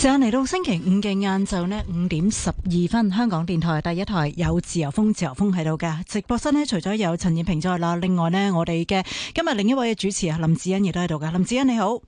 時間嚟到星期五嘅晏晝咧，五點十二分，香港電台第一台有自由風，自由風喺度噶直播室咧，除咗有陳燕萍在啦，另外咧我哋嘅今日另一位嘅主持啊林子欣亦都喺度噶。林子欣你好，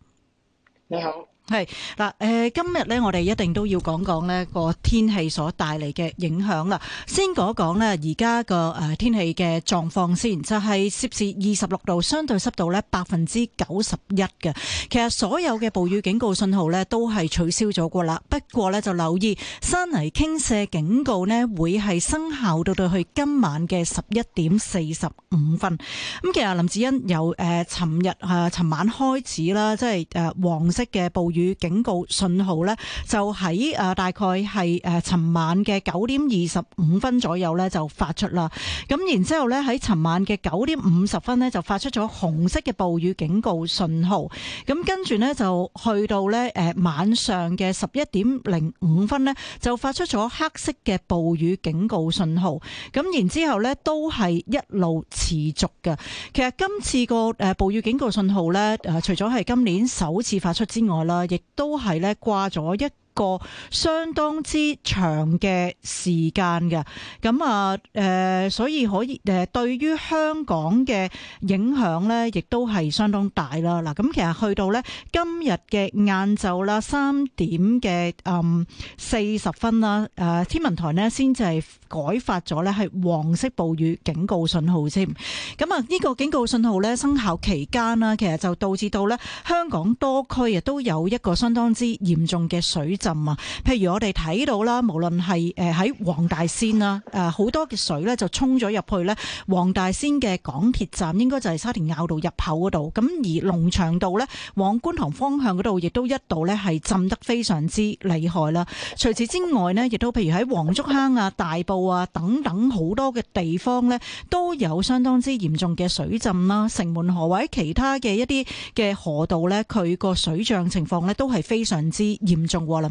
你好，你好係嗱，誒，今日咧，我哋一定都要講講呢個天氣所帶嚟嘅影響啦。先講講呢，而家個誒天氣嘅狀況先，就係攝氏二十六度，相對濕度呢，百分之九十一嘅。其實所有嘅暴雨警告信號呢，都係取消咗個啦。不過呢，就留意，山泥傾瀉警告呢，會係生效到到去今晚嘅十一點四十五分。咁其實林子欣由誒尋日誒尋晚開始啦，即係誒黃色嘅暴雨。雨警告信號咧，就喺誒大概係誒，尋晚嘅九點二十五分左右咧，就發出啦。咁然之後咧，喺尋晚嘅九點五十分咧，就發出咗紅色嘅暴雨警告信號。咁跟住咧，就去到咧誒晚上嘅十一點零五分咧，就發出咗黑色嘅暴雨警告信號。咁然之後咧，都係一路持續嘅。其實今次個誒暴雨警告信號咧，誒除咗係今年首次發出之外啦。亦都係咧掛咗一。一個相當之長嘅時間嘅，咁啊，誒、呃，所以可以，誒、呃，對於香港嘅影響咧，亦都係相當大啦。嗱，咁其實去到咧今日嘅晏晝啦，三點嘅嗯四十分啦，誒天文台咧先至係改發咗咧係黃色暴雨警告信號先。咁啊，呢、呢個警告信號咧生效期間啦，其實就導致到咧香港多區啊都有一個相當之嚴重嘅水。浸啊！譬如我哋睇到啦，無論係誒喺黃大仙啦，誒好多嘅水咧就沖咗入去咧。黃大仙嘅港鐵站應該就係沙田坳道入口嗰度。咁而龍翔道咧往觀塘方向嗰度，亦都一度咧係浸得非常之厲害啦。除此之外呢，亦都譬如喺黃竹坑啊、大埔啊等等好多嘅地方呢，都有相當之嚴重嘅水浸啦。城門河或者其他嘅一啲嘅河道呢，佢個水漲情況呢都係非常之嚴重喎。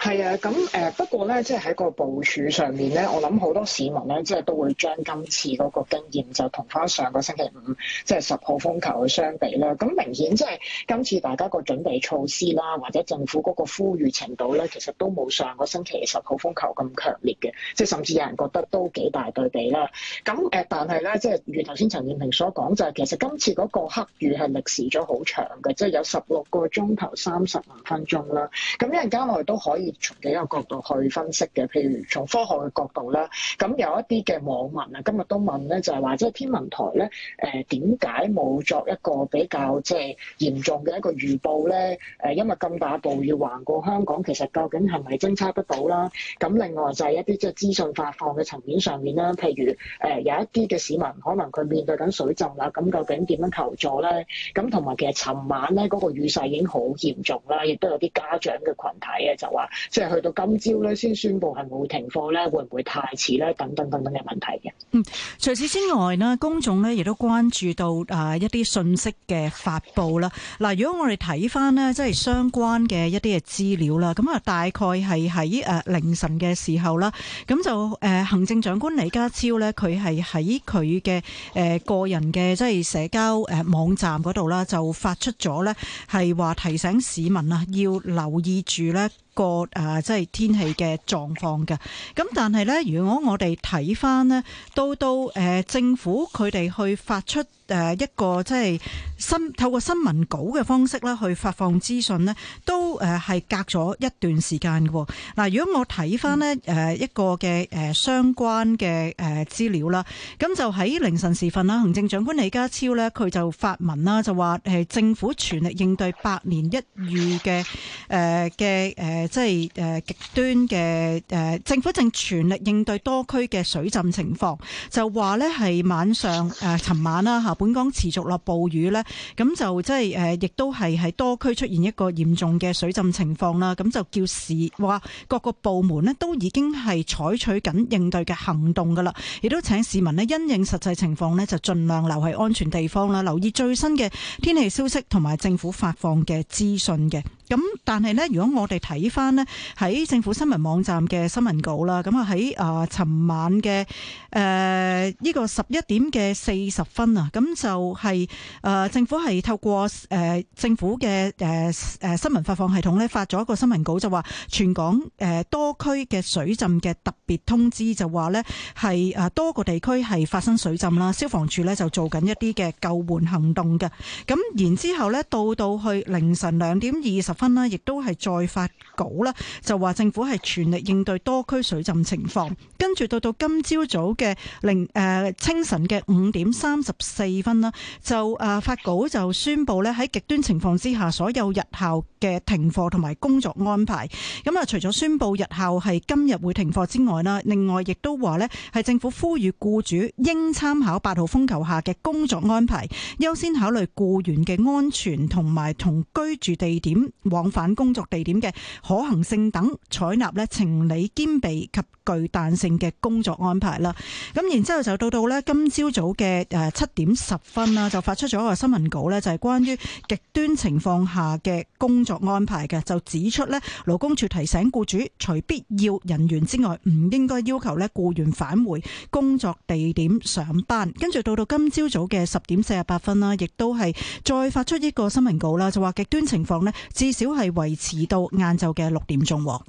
係啊，咁誒、呃、不過咧，即係喺個部署上面咧，我諗好多市民咧，即係都會將今次嗰個經驗就同返上個星期五即係十號風球去相比啦。咁明顯即係今次大家個準備措施啦，或者政府嗰個呼籲程度咧，其實都冇上個星期十號風球咁強烈嘅，即係甚至有人覺得都幾大對比啦。咁、呃、但係咧，即係如頭先陳健碩所講，就係、是、其實今次嗰個黑雨係歷時咗好長嘅，即係有十六個鐘頭三十五分鐘啦。咁一陣間我哋都可以從幾個角度去分析嘅，譬如從科學嘅角度啦，咁有一啲嘅網民啊，今日都問咧，就係話即係天文台咧，誒點解冇作一個比較即係嚴重嘅一個預報咧？誒，因為咁大暴雨要橫過香港，其實究竟係咪偵測得到啦？咁另外就係一啲即係資訊發放嘅層面上面啦，譬如誒有一啲嘅市民可能佢面對緊水浸啦，咁究竟點樣求助咧？咁同埋其實尋晚咧嗰、那個雨勢已經好嚴重啦，亦都有啲家長嘅群體啊就。即係去到今朝咧，先宣布，係唔會停課咧，會唔會太遲咧？等等等等嘅問題嘅。嗯，除此之外呢，公眾呢亦都關注到啊一啲信息嘅發佈啦。嗱、啊，如果我哋睇翻呢，即係相關嘅一啲嘅資料啦，咁啊，大概係喺誒凌晨嘅時候啦，咁就誒、呃、行政長官李家超呢，佢係喺佢嘅誒個人嘅即係社交誒、呃、網站嗰度啦，就發出咗呢，係話提醒市民啊，要留意住呢。個啊，即係天氣嘅狀況嘅。咁但係呢，如果我哋睇翻呢，到到誒，政府佢哋去發出。誒一個即係新透過新聞稿嘅方式咧去發放資訊咧，都誒係隔咗一段時間嘅。嗱，如果我睇翻咧誒一個嘅誒相關嘅誒資料啦，咁就喺凌晨時分啦，行政長官李家超咧佢就發文啦，就話誒政府全力應對百年一遇嘅誒嘅誒即係誒極端嘅誒、呃、政府正全力應對多區嘅水浸情況，就話咧係晚上誒尋、呃、晚啦吓。本港持續落暴雨呢，咁就即係誒亦都係喺多區出現一個嚴重嘅水浸情況啦。咁就叫市話，各個部門呢都已經係採取緊應對嘅行動噶啦，亦都請市民呢因應實際情況呢，就盡量留喺安全地方啦，留意最新嘅天氣消息同埋政府發放嘅資訊嘅。咁但係咧，如果我哋睇翻咧喺政府新聞網站嘅新聞稿啦，咁啊喺啊尋晚嘅誒呢個十一點嘅四十分啊，咁就係、是、誒、呃、政府係透過誒、呃、政府嘅誒誒新聞發放系統咧發咗一個新聞稿就，就話全港誒多區嘅水浸嘅特別通知就呢，就話咧係誒多個地區係發生水浸啦，消防署咧就做緊一啲嘅救援行動嘅。咁然之後咧到到去凌晨兩點二十。分啦，亦都係再發稿啦，就話政府係全力應對多區水浸情況，跟住到到今朝早嘅零、呃、清晨嘅五點三十四分啦，就、呃、發稿就宣布咧喺極端情況之下，所有日校。嘅停課同埋工作安排，咁啊除咗宣布日後係今日會停課之外啦，另外亦都話咧係政府呼籲僱主應參考八號風球下嘅工作安排，優先考慮僱員嘅安全同埋同居住地點往返工作地點嘅可行性等，採納咧情理兼備及具彈性嘅工作安排啦。咁然之後就到到咧今朝早嘅誒七點十分啦，就發出咗一個新聞稿咧，就係關於極端情況下嘅工作安排嘅就指出咧，勞工處提醒僱主，除必要人員之外，唔應該要求咧僱員返回工作地點上班。跟住到到今朝早嘅十點四十八分啦，亦都係再發出一個新聞稿啦，就話極端情況呢，至少係維持到晏晝嘅六點鐘。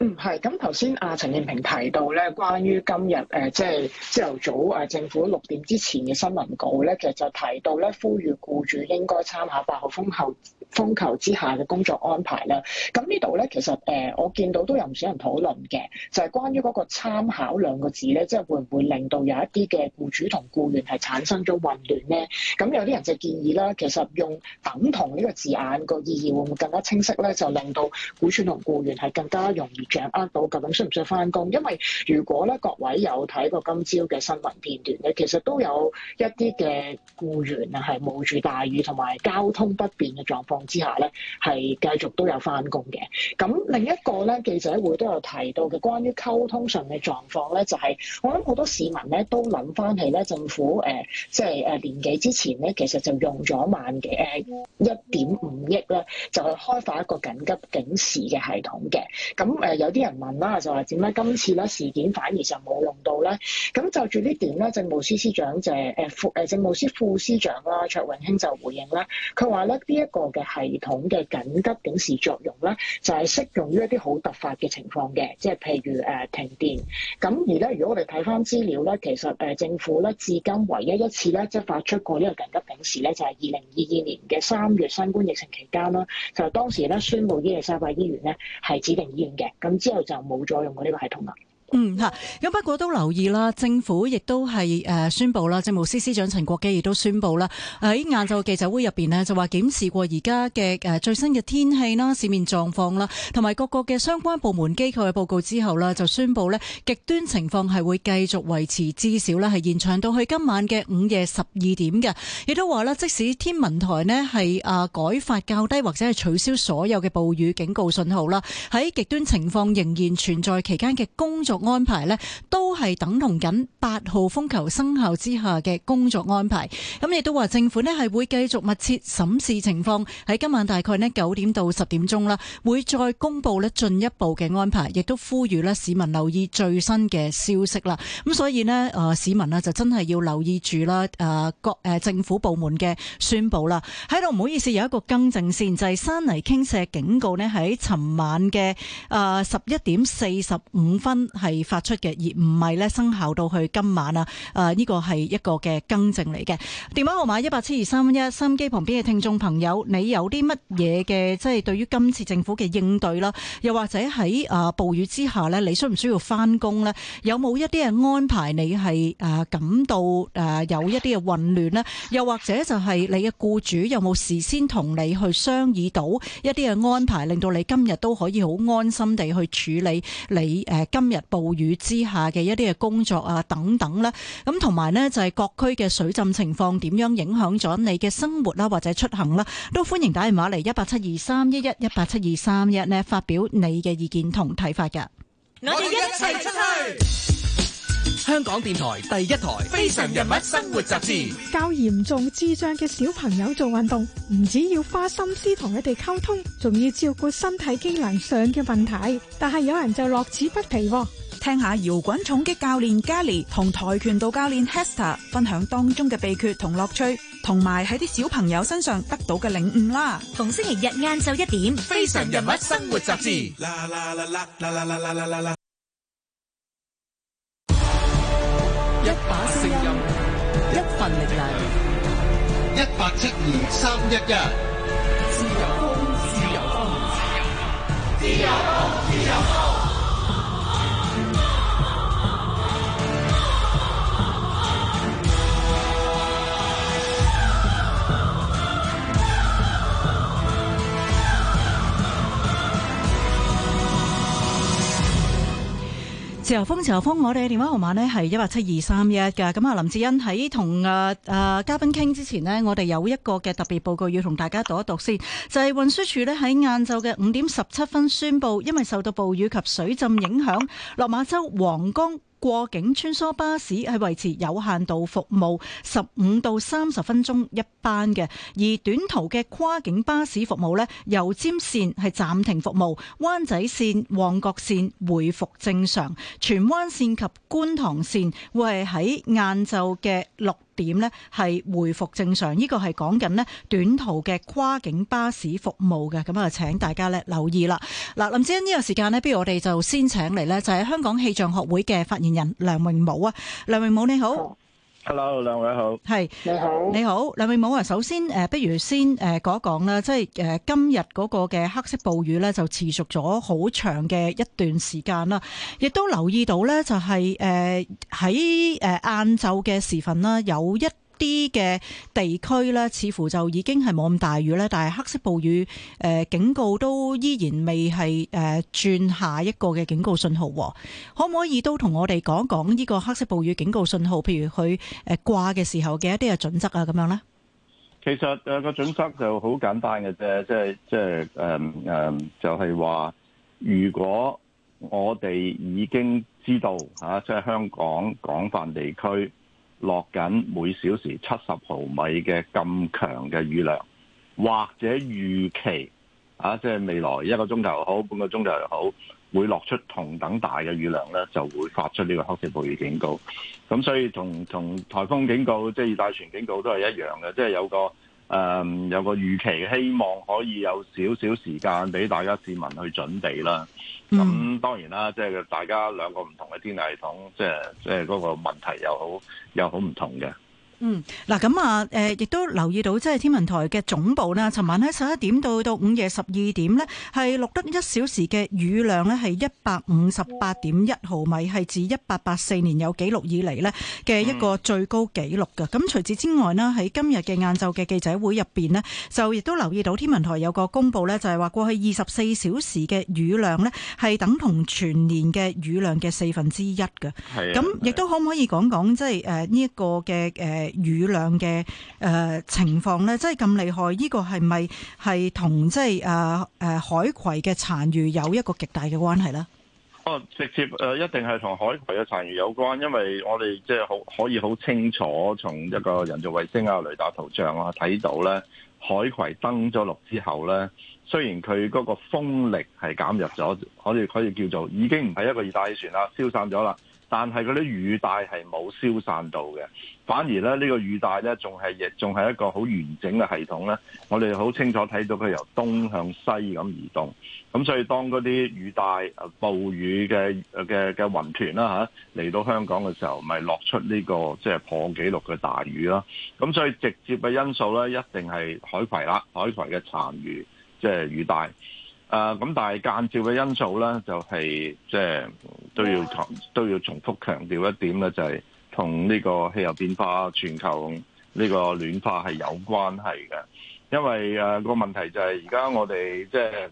嗯，係咁頭先阿陳燕平提到呢，關於今日誒，即係朝頭早誒，政府六點之前嘅新聞稿呢，其實就提到呢，呼籲僱主應該參考八號風球。風球之下嘅工作安排啦，咁呢度咧其實誒、呃、我見到都有唔少人討論嘅，就係、是、關於嗰個參考兩個字咧，即係會唔會令到有一啲嘅僱主同僱員係產生咗混亂咧？咁有啲人就建議啦，其實用等同呢個字眼個意義會唔會更加清晰咧？就令到僱主同僱員係更加容易掌握到究竟需唔需要翻工？因為如果咧各位有睇過今朝嘅新聞片段咧，其實都有一啲嘅僱員啊係冒住大雨同埋交通不便嘅狀況。之下咧，係繼續都有翻工嘅。咁另一個咧，記者會都有提到嘅關於溝通上嘅狀況咧，就係、是、我諗好多市民咧都諗翻起咧政府誒、呃，即係誒年紀之前咧，其實就用咗萬幾誒一點五億咧，就去開發一個緊急警示嘅系統嘅。咁誒、呃、有啲人問啦，就話點解今次咧事件反而就冇用到咧？咁就住呢點咧，政務司司長就係誒、欸、副誒政務司副司長啦卓永興就回應啦，佢話咧呢一、這個嘅。系統嘅緊急警示作用咧，就係、是、適用於一啲好突發嘅情況嘅，即係譬如誒、呃、停電。咁而咧，如果我哋睇返資料咧，其實誒、呃、政府咧至今唯一一次咧，即係發出過呢個緊急警示咧，就係二零二二年嘅三月新冠疫情期間啦。就當時咧，宣布呢個伊利沙伯醫院咧係指定醫院嘅，咁之後就冇再用過呢個系統啦。嗯吓，咁不過都留意啦，政府亦都係誒宣布啦，政務司司長陳國基亦都宣布啦，喺晏晝記者會入邊咧就話檢視過而家嘅、誒最新嘅天氣啦、市面狀況啦，同埋各個嘅相關部門機構嘅報告之後啦，就宣布咧極端情況係會繼續維持，至少咧係延長到去今晚嘅午夜十二點嘅。亦都話啦，即使天文台咧係啊改發較低或者係取消所有嘅暴雨警告信號啦，喺極端情況仍然存在期間嘅公眾。安排呢都係等同緊八號風球生效之下嘅工作安排。咁亦都話政府呢係會繼續密切審視情況。喺今晚大概呢九點到十點鐘啦，會再公布呢進一步嘅安排。亦都呼籲呢市民留意最新嘅消息啦。咁所以呢，誒、呃、市民呢就真係要留意住啦。誒、呃、各誒、呃、政府部門嘅宣佈啦。喺度唔好意思，有一個更正先，就係、是、山泥傾瀉警告呢，喺尋晚嘅誒十一點四十五分係，係發出嘅，而唔係咧生效到去今晚啊。誒，呢個係一個嘅更正嚟嘅。電話號碼一八七二三一，收音機旁邊嘅聽眾朋友，你有啲乜嘢嘅即係對於今次政府嘅應對啦，又或者喺啊暴雨之下咧，你需唔需要翻工咧有冇一啲嘅安排你係誒感到誒有一啲嘅混亂咧？又或者就係你嘅僱主有冇事先同你去商議到一啲嘅安排，令到你今日都可以好安心地去處理你誒今日暴。暴雨之下嘅一啲嘅工作啊，等等啦，咁同埋咧就係各區嘅水浸情況點樣影響咗你嘅生活啦，或者出行啦，都歡迎打電話嚟一八七二三一一一八七二三一咧，發表你嘅意見同睇法嘅。我哋一齊出去。香港電台第一台非常人物生活雜誌。教嚴重智障嘅小朋友做運動，唔止要花心思同佢哋溝通，仲要照顧身體機能上嘅問題，但係有人就樂此不疲。聽下搖滾重擊教練 Gally 同跆拳道教練 Hester 分享當中嘅秘訣同樂趣，同埋喺啲小朋友身上得到嘅領悟啦。逢星期日晏晝一點，非常人物生活雜誌。一把聲音，一份力量，一八七二三一一。自由風，自由風，我哋嘅電話號碼呢係一八七二三一㗎。咁啊，林志恩喺同啊啊嘉賓傾之前呢，我哋有一個嘅特別報告要同大家讀一讀先，就係運輸署呢，喺晏晝嘅五點十七分宣布，因為受到暴雨及水浸影響，落馬洲皇崗過境穿梭巴士係維持有限度服務，十五到三十分鐘一班嘅；而短途嘅跨境巴士服務呢，油尖線係暫停服務，灣仔線、旺角線回復正常，荃灣線及觀塘線會係喺晏晝嘅六。點呢，係回復正常。呢個係講緊咧短途嘅跨境巴士服務嘅，咁啊請大家咧留意啦。嗱，林子恩呢個時間呢，不如我哋就先請嚟呢，就係香港氣象學會嘅發言人梁榮武啊，梁榮武你好。Hello，兩位好，係是你好，你好，兩位冇啊。首先，誒、呃，不如先誒講一講啦，即係誒、呃、今日嗰個嘅黑色暴雨咧，就持續咗好長嘅一段時間啦。亦都留意到咧，就係誒喺誒晏晝嘅時分啦，有一啲嘅地區咧，似乎就已經係冇咁大雨咧，但係黑色暴雨誒警告都依然未係誒轉下一個嘅警告信號。可唔可以都同我哋講一講呢個黑色暴雨警告信號？譬如佢誒掛嘅時候嘅一啲嘅準則啊，咁樣咧。其實誒、個準則就好簡單嘅啫，即係即係誒誒，就係話，如果我哋已經知道嚇，即係香港廣泛地區。.落緊每小時七十毫米嘅咁強嘅雨量，或者預期啊，即係未來一個鐘頭好，半個鐘頭又好，會落出同等大嘅雨量咧，就會發出呢個黑色暴雨警告。咁所以同同颱風警告、即係熱帶全警告都係一樣嘅，即係有個。誒，um, 有個預期，希望可以有少少時間俾大家市民去準備啦。咁當然啦，即係大家兩個唔同嘅天氣系統，即係即係嗰個問題又好，又好唔同嘅。嗯，嗱咁啊，誒，亦都留意到，即係天文台嘅總部啦，尋晚喺十一點到到午夜十二點咧，係錄得一小時嘅雨量咧，係一百五十八點一毫米，係自一八八四年有記錄以嚟咧嘅一個最高紀錄噶。咁、嗯、除此之外呢，喺今日嘅晏晝嘅記者會入邊咧，就亦都留意到天文台有個公佈咧，就係、是、話過去二十四小時嘅雨量咧，係等同全年嘅雨量嘅四分之一嘅。係啊。咁亦都可唔可以講講即係誒呢一個嘅誒？呃雨量嘅誒情況咧，真係咁厲害，呢、呢個係咪係同即係誒誒海葵嘅殘餘有一個極大嘅關係咧？哦，直接誒、呃、一定係同海葵嘅殘餘有關，因為我哋即係好可以好清楚從一個人造衛星啊、雷達圖像啊睇到咧，海葵登咗陸之後咧，雖然佢嗰個風力係減弱咗，可以可以叫做已經唔係一個熱帶氣旋啦，消散咗啦。但係嗰啲雨帶係冇消散到嘅，反而咧呢個雨帶咧仲係亦仲係一個好完整嘅系統咧。我哋好清楚睇到佢由東向西咁移動，咁所以當嗰啲雨帶、暴雨嘅嘅嘅雲團啦吓嚟到香港嘅時候，咪落出呢個即係破紀錄嘅大雨啦。咁所以直接嘅因素咧，一定係海葵啦，海葵嘅殘餘即係雨帶。誒咁、啊，但係間接嘅因素咧，就係即係都要都要重複強調一點咧，就係同呢個氣候變化、全球呢個暖化係有關係嘅。因為誒、啊那個問題就係而家我哋即係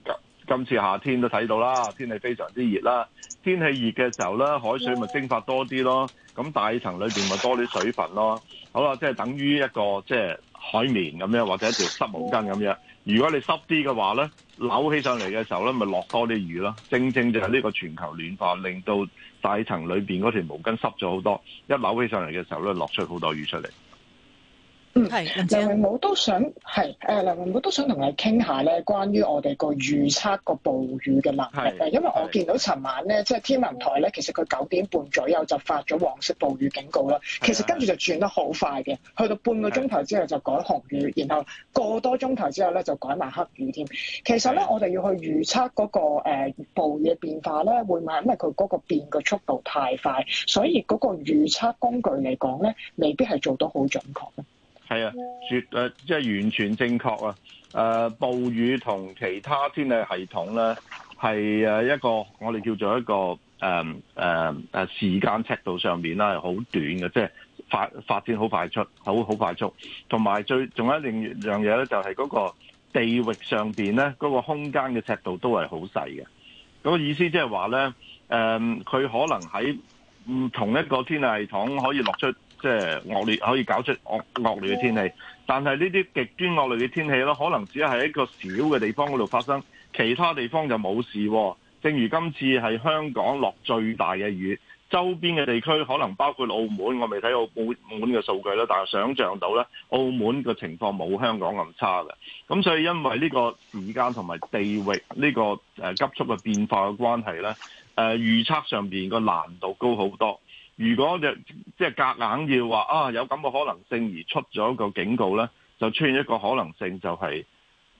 今次夏天都睇到啦，天氣非常之熱啦。天氣熱嘅時候咧，海水咪蒸發多啲咯，咁大層裏面咪多啲水分咯。好啦，即、就、係、是、等於一個即係、就是、海綿咁樣，或者一條濕毛巾咁樣。如果你濕啲嘅話，呢扭起上嚟嘅時候呢咪落多啲雨咯。正正就係呢個全球暖化，令到大層裏面嗰條毛巾濕咗好多，一扭起上嚟嘅時候呢落出好多雨出嚟。嗯，梁榮、嗯、武都想係誒，梁榮、嗯、武都想同你傾下咧，關於我哋個預測個暴雨嘅能力嘅，是因為我見到尋晚咧，即係是天文台咧，其實佢九點半左右就發咗黃色暴雨警告啦，是其實跟住就轉得好快嘅，是去到半個鐘頭之後就改紅雨，是然後個多鐘頭之後咧就改埋黑雨添。其實咧，是我哋要去預測嗰、那個、呃、暴雨嘅變化咧，會慢，因為佢嗰個變嘅速度太快，所以嗰個預測工具嚟講咧，未必係做到好準確。係啊，絕誒，即係完全正確啊！誒，暴雨同其他天氣系統咧，係誒一個我哋叫做一個誒誒誒時間尺度上面啦。係好短嘅，即係發發展好快速，好好快速。同埋最仲有一另一樣嘢咧，就係嗰個地域上邊咧，嗰個空間嘅尺度都係好細嘅。咁個意思即係話咧，誒，佢可能喺唔同一個天氣系統可以落出。即係惡劣，可以搞出惡惡劣嘅天氣，但係呢啲極端惡劣嘅天氣咯，可能只係一個小嘅地方嗰度發生，其他地方就冇事。正如今次係香港落最大嘅雨，周邊嘅地區可能包括澳門，我未睇到澳澳門嘅數據啦，但係想像到咧，澳門嘅情況冇香港咁差嘅。咁所以因為呢個時間同埋地域呢個誒急速嘅變化嘅關係咧，誒預測上面個難度高好多。如果就即係夾硬，硬要話啊有咁嘅可能性而出咗個警告咧，就出現一個可能性就係、是、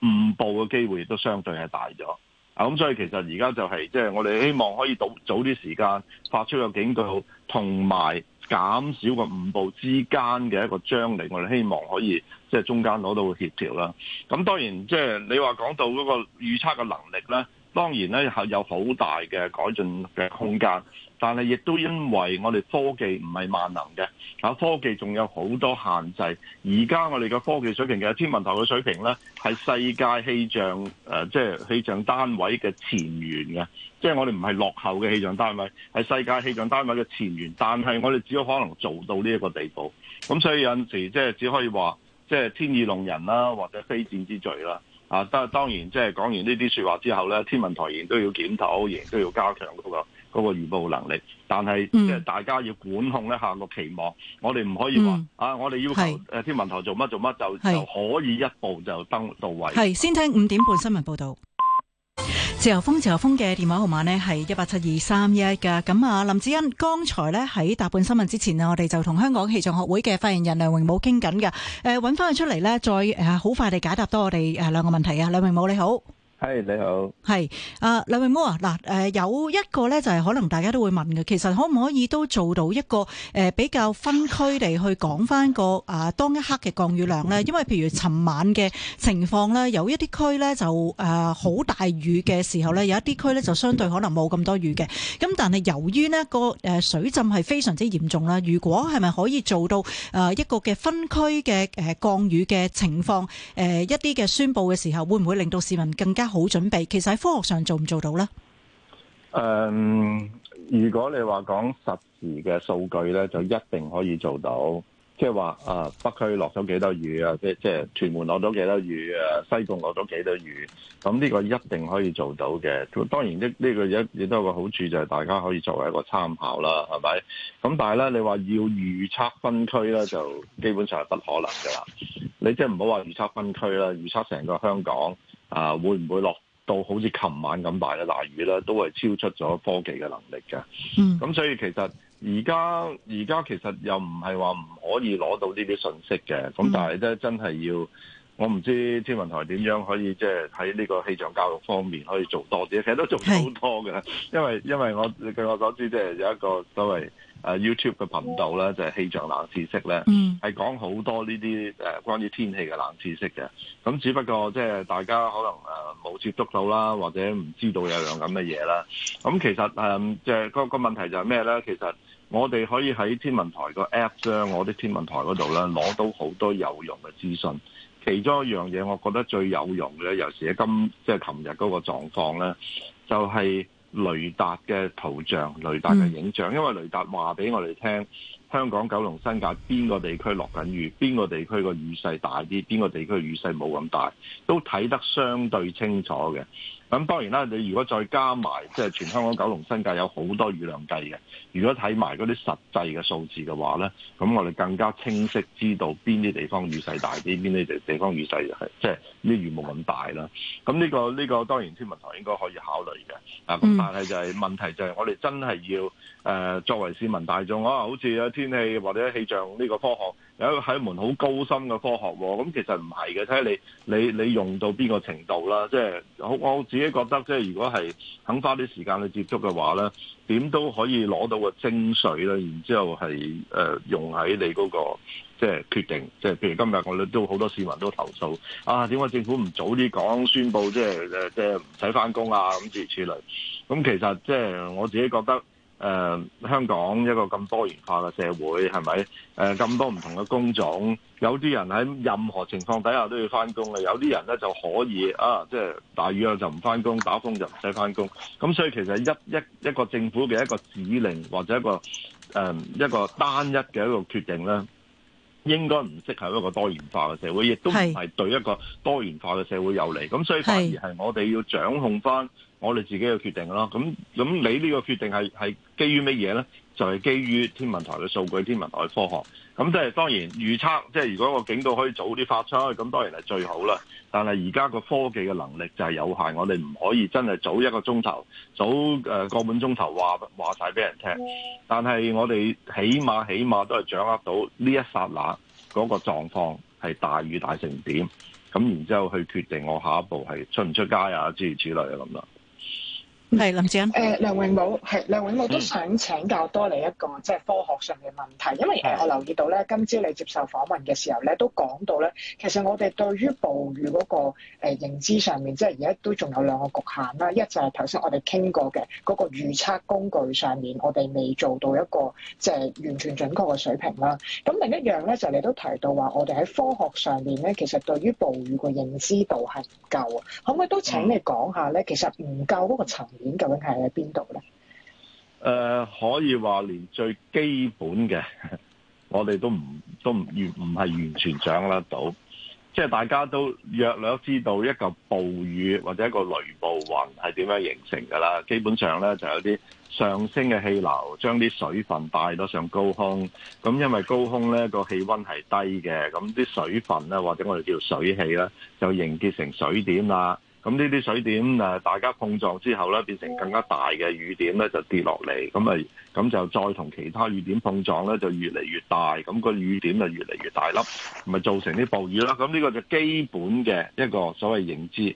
誤報嘅機會亦都相對係大咗啊！咁所以其實而家就係即係我哋希望可以早早啲時間發出個警告，同埋減少個誤報之間嘅一個張力。我哋希望可以即係、就是、中間攞到協調啦。咁當然即係你話講到嗰個預測嘅能力咧。當然咧係有好大嘅改進嘅空間，但係亦都因為我哋科技唔係萬能嘅，嚇科技仲有好多限制。而家我哋嘅科技水平嘅天文台嘅水平咧，係世界氣象誒，即係氣象單位嘅前沿嘅，即係我哋唔係落後嘅氣象單位，係世界氣象單位嘅前沿。但係我哋只有可能做到呢一個地步，咁所以有陣時即係只可以話，即係天意弄人啦，或者非戰之罪啦。啊，當然即係講完呢啲說話之後咧，天文台亦都要檢討，亦都要加強嗰個嗰個預報能力。但係即係大家要管控一下個期望，我哋唔可以話，嗯、啊，我哋要求誒天文台做乜做乜就是就可以一步就登到位。係，先聽五點半新聞報道。自由風，自由風嘅電話號碼呢係一八七二三一一噶。咁啊，林子欣剛才呢喺搭半新聞之前啊，我哋就同香港氣象學會嘅發言人梁榮武傾緊噶。誒，揾翻佢出嚟呢，再誒好快地解答多我哋誒兩個問題啊。梁榮武你好。係你好，係啊，梁榮武啊，嗱，誒，有一個咧就係可能大家都會問嘅，其實可唔可以都做到一個誒比較分區地去講翻個啊當一刻嘅降雨量咧？因為譬如尋晚嘅情況咧，有一啲區咧就誒好大雨嘅時候咧，有一啲區咧就相對可能冇咁多雨嘅。咁但係由於呢個誒水浸係非常之嚴重啦，如果係咪可以做到誒一個嘅分區嘅誒降雨嘅情況誒一啲嘅宣佈嘅時候，會唔會令到市民更加？好準備，其實喺科學上做唔做到呢？誒，um, 如果你話講實時嘅數據呢，就一定可以做到。即係話啊，北區落咗幾多雨啊？即即係屯門落咗幾多雨？誒，西貢落咗幾多雨？咁呢個一定可以做到嘅。當然呢呢個一亦都有個好處，就係大家可以作為一個參考啦，係咪？咁但係呢，你話要預測分區呢，就基本上係不可能噶啦。你即係唔好話預測分區啦，預測成個香港。啊！會唔會落到好似琴晚咁大嘅大雨咧？都係超出咗科技嘅能力嘅。咁、嗯、所以其實而家而家其實又唔係話唔可以攞到呢啲信息嘅。咁但係都真係要。我唔知天文台點樣可以即係喺呢個氣象教育方面可以做多啲，其實都做咗好多嘅是。因為因為我據我所知，即係有一個所謂誒 YouTube 嘅頻道咧，就係、是、氣象冷知識咧，係、嗯、講好多呢啲誒關於天氣嘅冷知識嘅。咁只不過即係大家可能誒冇接觸到啦，或者唔知道有樣咁嘅嘢啦。咁其實誒即係個個問題就係咩咧？其實我哋可以喺天文台個 App 將我啲天文台嗰度咧攞到好多有用嘅資訊。其中一樣嘢，我覺得最有用咧，尤其是喺今即係琴日嗰個狀況咧，就係雷達嘅圖像、雷達嘅影像，因為雷達話俾我哋聽，香港九龍新界邊個地區落緊雨，邊個地區個雨勢大啲，邊個地區雨勢冇咁大，都睇得相對清楚嘅。咁當然啦，你如果再加埋即係全香港九龍新界有好多雨量計嘅，如果睇埋嗰啲實際嘅數字嘅話咧，咁我哋更加清晰知道邊啲地方雨勢大啲，邊啲地地方雨勢係即係啲雨冇咁大啦。咁呢個呢個當然天文台應該可以考慮嘅。咁但係就係問題就係我哋真係要。誒，作為市民大眾啊，好似有天氣或者氣象呢個科學有一個係一門好高深嘅科學喎，咁其實唔係嘅，睇下你你你用到邊個程度啦，即係我我自己覺得，即係如果係肯花啲時間去接觸嘅話咧，點都可以攞到個精髓啦，然之後係誒用喺你嗰個即係決定，即係譬如今日我哋都好多市民都投訴啊，點解政府唔早啲講宣佈，即係誒即係唔使返工啊咁如此類，咁其實即係我自己覺得。誒、呃、香港一個咁多元化嘅社會係咪？誒呃、咁多唔同嘅工種，有啲人喺任何情況底下都要翻工嘅，有啲人咧就可以啊，即係大雨就唔翻工，打風就唔使翻工。咁所以其實一一一,一個政府嘅一個指令或者一個誒、呃、一個單一嘅一個決定咧，應該唔適合一個多元化嘅社會，亦都唔係對一個多元化嘅社會有利。咁所以反而係我哋要掌控翻。我哋自己嘅決定㗎啦，咁，咁你呢個決定係係基於乜嘢呢？就係、是、基於天文台嘅數據、天文台嘅科學。咁即係當然預測，即係如果個警告可以早啲發出，咁當然係最好啦。但係而家個科技嘅能力就係有限，我哋唔可以真係早一個鐘頭、早誒個半鐘頭話，話晒俾人聽。但係我哋起碼起碼都係掌握到呢一剎那嗰個狀況係大雨大成點，咁然之後去決定我下一步係出唔出街啊諸如此類啊咁啦。係林子恩、呃，梁榮武係梁榮武都想請教多你一個、嗯、即係科學上嘅問題，因為我、呃嗯、留意到咧，今朝你接受訪問嘅時候咧，都講到咧，其實我哋對於暴雨嗰、嗰個誒、呃、認知上面，即係而家都仲有兩個局限啦。一就係頭先我哋傾過嘅嗰個預測工具上面，我哋未做到一個即係完全準確嘅水平啦。咁另一樣咧，就你都提到話，我哋喺科學上面咧，其實對於暴雨個認知度係唔夠啊。可唔可以都請你講下咧？嗯、其實唔夠嗰個層。咁究竟係喺邊度咧？誒、呃，可以話，連最基本嘅，我哋都唔都唔完唔係完全掌握得到。即、就、係、是、大家都約略知道一個暴雨或者一個雷暴雲係點樣形成噶啦。基本上咧，就有啲上升嘅氣流，將啲水分帶咗上高空。咁因為高空咧、那個氣溫係低嘅，咁啲水分咧或者我哋叫水汽咧，就凝結成水點啦。咁呢啲水點誒，大家碰撞之後咧，變成更加大嘅雨點咧，就跌落嚟，咁咁就，就再同其他雨點碰撞咧，就越嚟越大，咁個雨點就越嚟越大粒，咪造成啲暴雨啦。咁呢個就基本嘅一個所謂認知。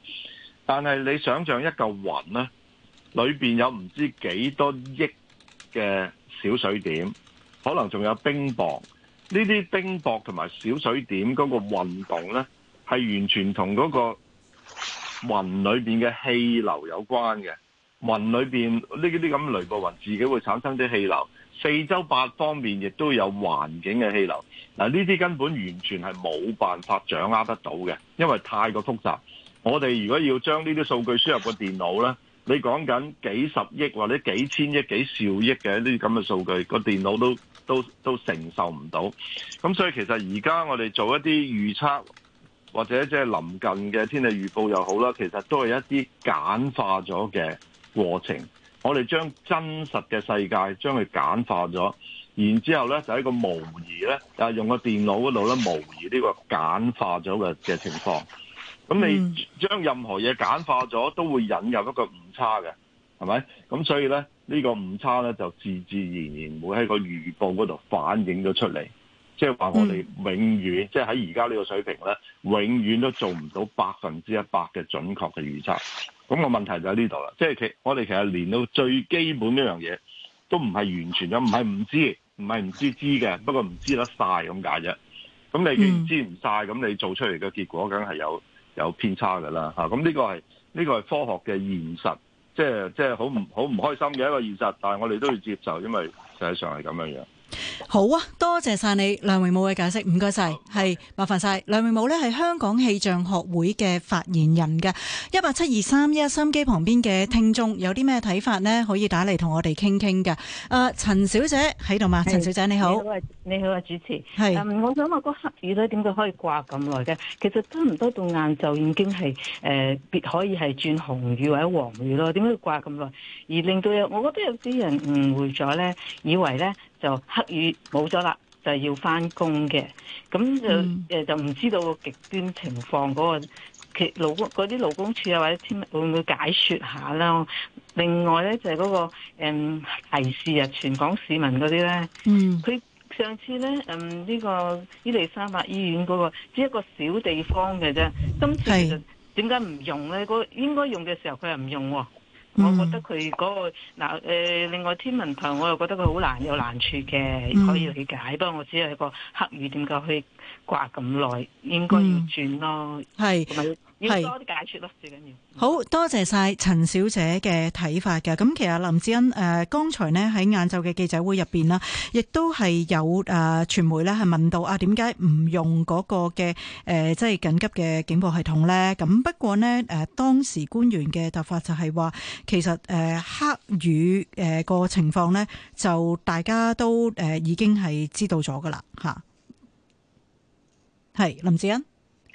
但係你想象一個雲咧，裏面有唔知幾多億嘅小水點，可能仲有冰雹。呢啲冰雹同埋小水點嗰個運動咧，係完全同嗰個。雲裏邊嘅氣流有關嘅，雲裏邊呢啲啲咁雷暴雲自己會產生啲氣流，四周八方面亦都有環境嘅氣流。嗱，呢啲根本完全係冇辦法掌握得到嘅，因為太過複雜。我哋如果要將呢啲數據輸入個電腦呢，你講緊幾十億或者幾千億、幾兆億嘅呢啲咁嘅數據，個電腦都都都承受唔到。咁所以其實而家我哋做一啲預測。或者即係臨近嘅天氣預報又好啦，其實都係一啲簡化咗嘅過程。我哋將真實嘅世界將佢簡化咗，然之後咧就喺個模擬咧用個電腦嗰度咧模擬呢個簡化咗嘅嘅情況。咁你將任何嘢簡化咗，都會引入一個誤差嘅，係咪？咁所以咧呢個誤差咧就自自然然會喺個預報嗰度反映咗出嚟。即係話我哋永遠即係喺而家呢個水平咧，永遠都做唔到百分之一百嘅準確嘅預測。咁個問題就喺呢度啦。即係其我哋其實連到最基本一樣嘢都唔係完全，又唔係唔知，唔係唔知知嘅，不過唔知得曬咁解啫。咁你認知唔曬，咁你做出嚟嘅結果梗係有有偏差㗎啦。嚇，咁呢個係呢個係科學嘅現實，即係即係好唔好唔開心嘅一個現實，但係我哋都要接受，因為實際上係咁樣樣。好啊，多謝晒你梁榮武嘅解釋，唔該晒，係好麻煩晒梁榮武呢係香港氣象學會嘅發言人嘅。一八七二三一心機旁邊嘅聽眾有啲咩睇法呢？可以打嚟同我哋傾傾嘅誒，陳、呃、小姐喺度嘛？陳小姐是你好。你好啊，你好主持。係是、啊。我想問個黑雨咧，點解可以掛咁耐嘅？其實差唔多到晏晝已經係誒，別、呃、可以係轉紅雨或者黃雨咯。點解掛咁耐？而令到有，我覺得有啲人誤會咗呢，以為呢。就黑雨冇咗啦，就要翻工嘅，咁就就唔、嗯、知道個極端情況嗰個其勞工嗰啲勞工處啊，或者天會唔會解說下啦？另外咧就係、是、嗰、嗰個誒、嗯、危市啊，全港市民嗰啲咧，佢、嗯、上次咧嗯呢、呢個伊利沙伯醫院嗰、嗰個只一個小地方嘅啫，今次點解唔用咧？個應該用嘅時候佢又唔用喎。我覺得佢嗰、那個嗱，誒、呃，另外天文台我又覺得佢好難有難處嘅，嗯、可以理解。不過我只係一個黑雨點解可以掛咁耐，應該要轉咯。係、嗯。是要多啲解決咯，最緊要。好多謝晒陳小姐嘅睇法嘅。咁其實林志恩誒、呃，剛才呢喺晏晝嘅記者會入面，啦，亦都係有誒傳媒咧係問到啊，點解唔用嗰個嘅誒、呃，即係緊急嘅警報系統咧？咁不過呢，誒、呃，當時官員嘅答法就係話，其實誒、呃、黑雨誒個情況呢，就大家都誒、呃、已經係知道咗噶啦，嚇，係林志恩。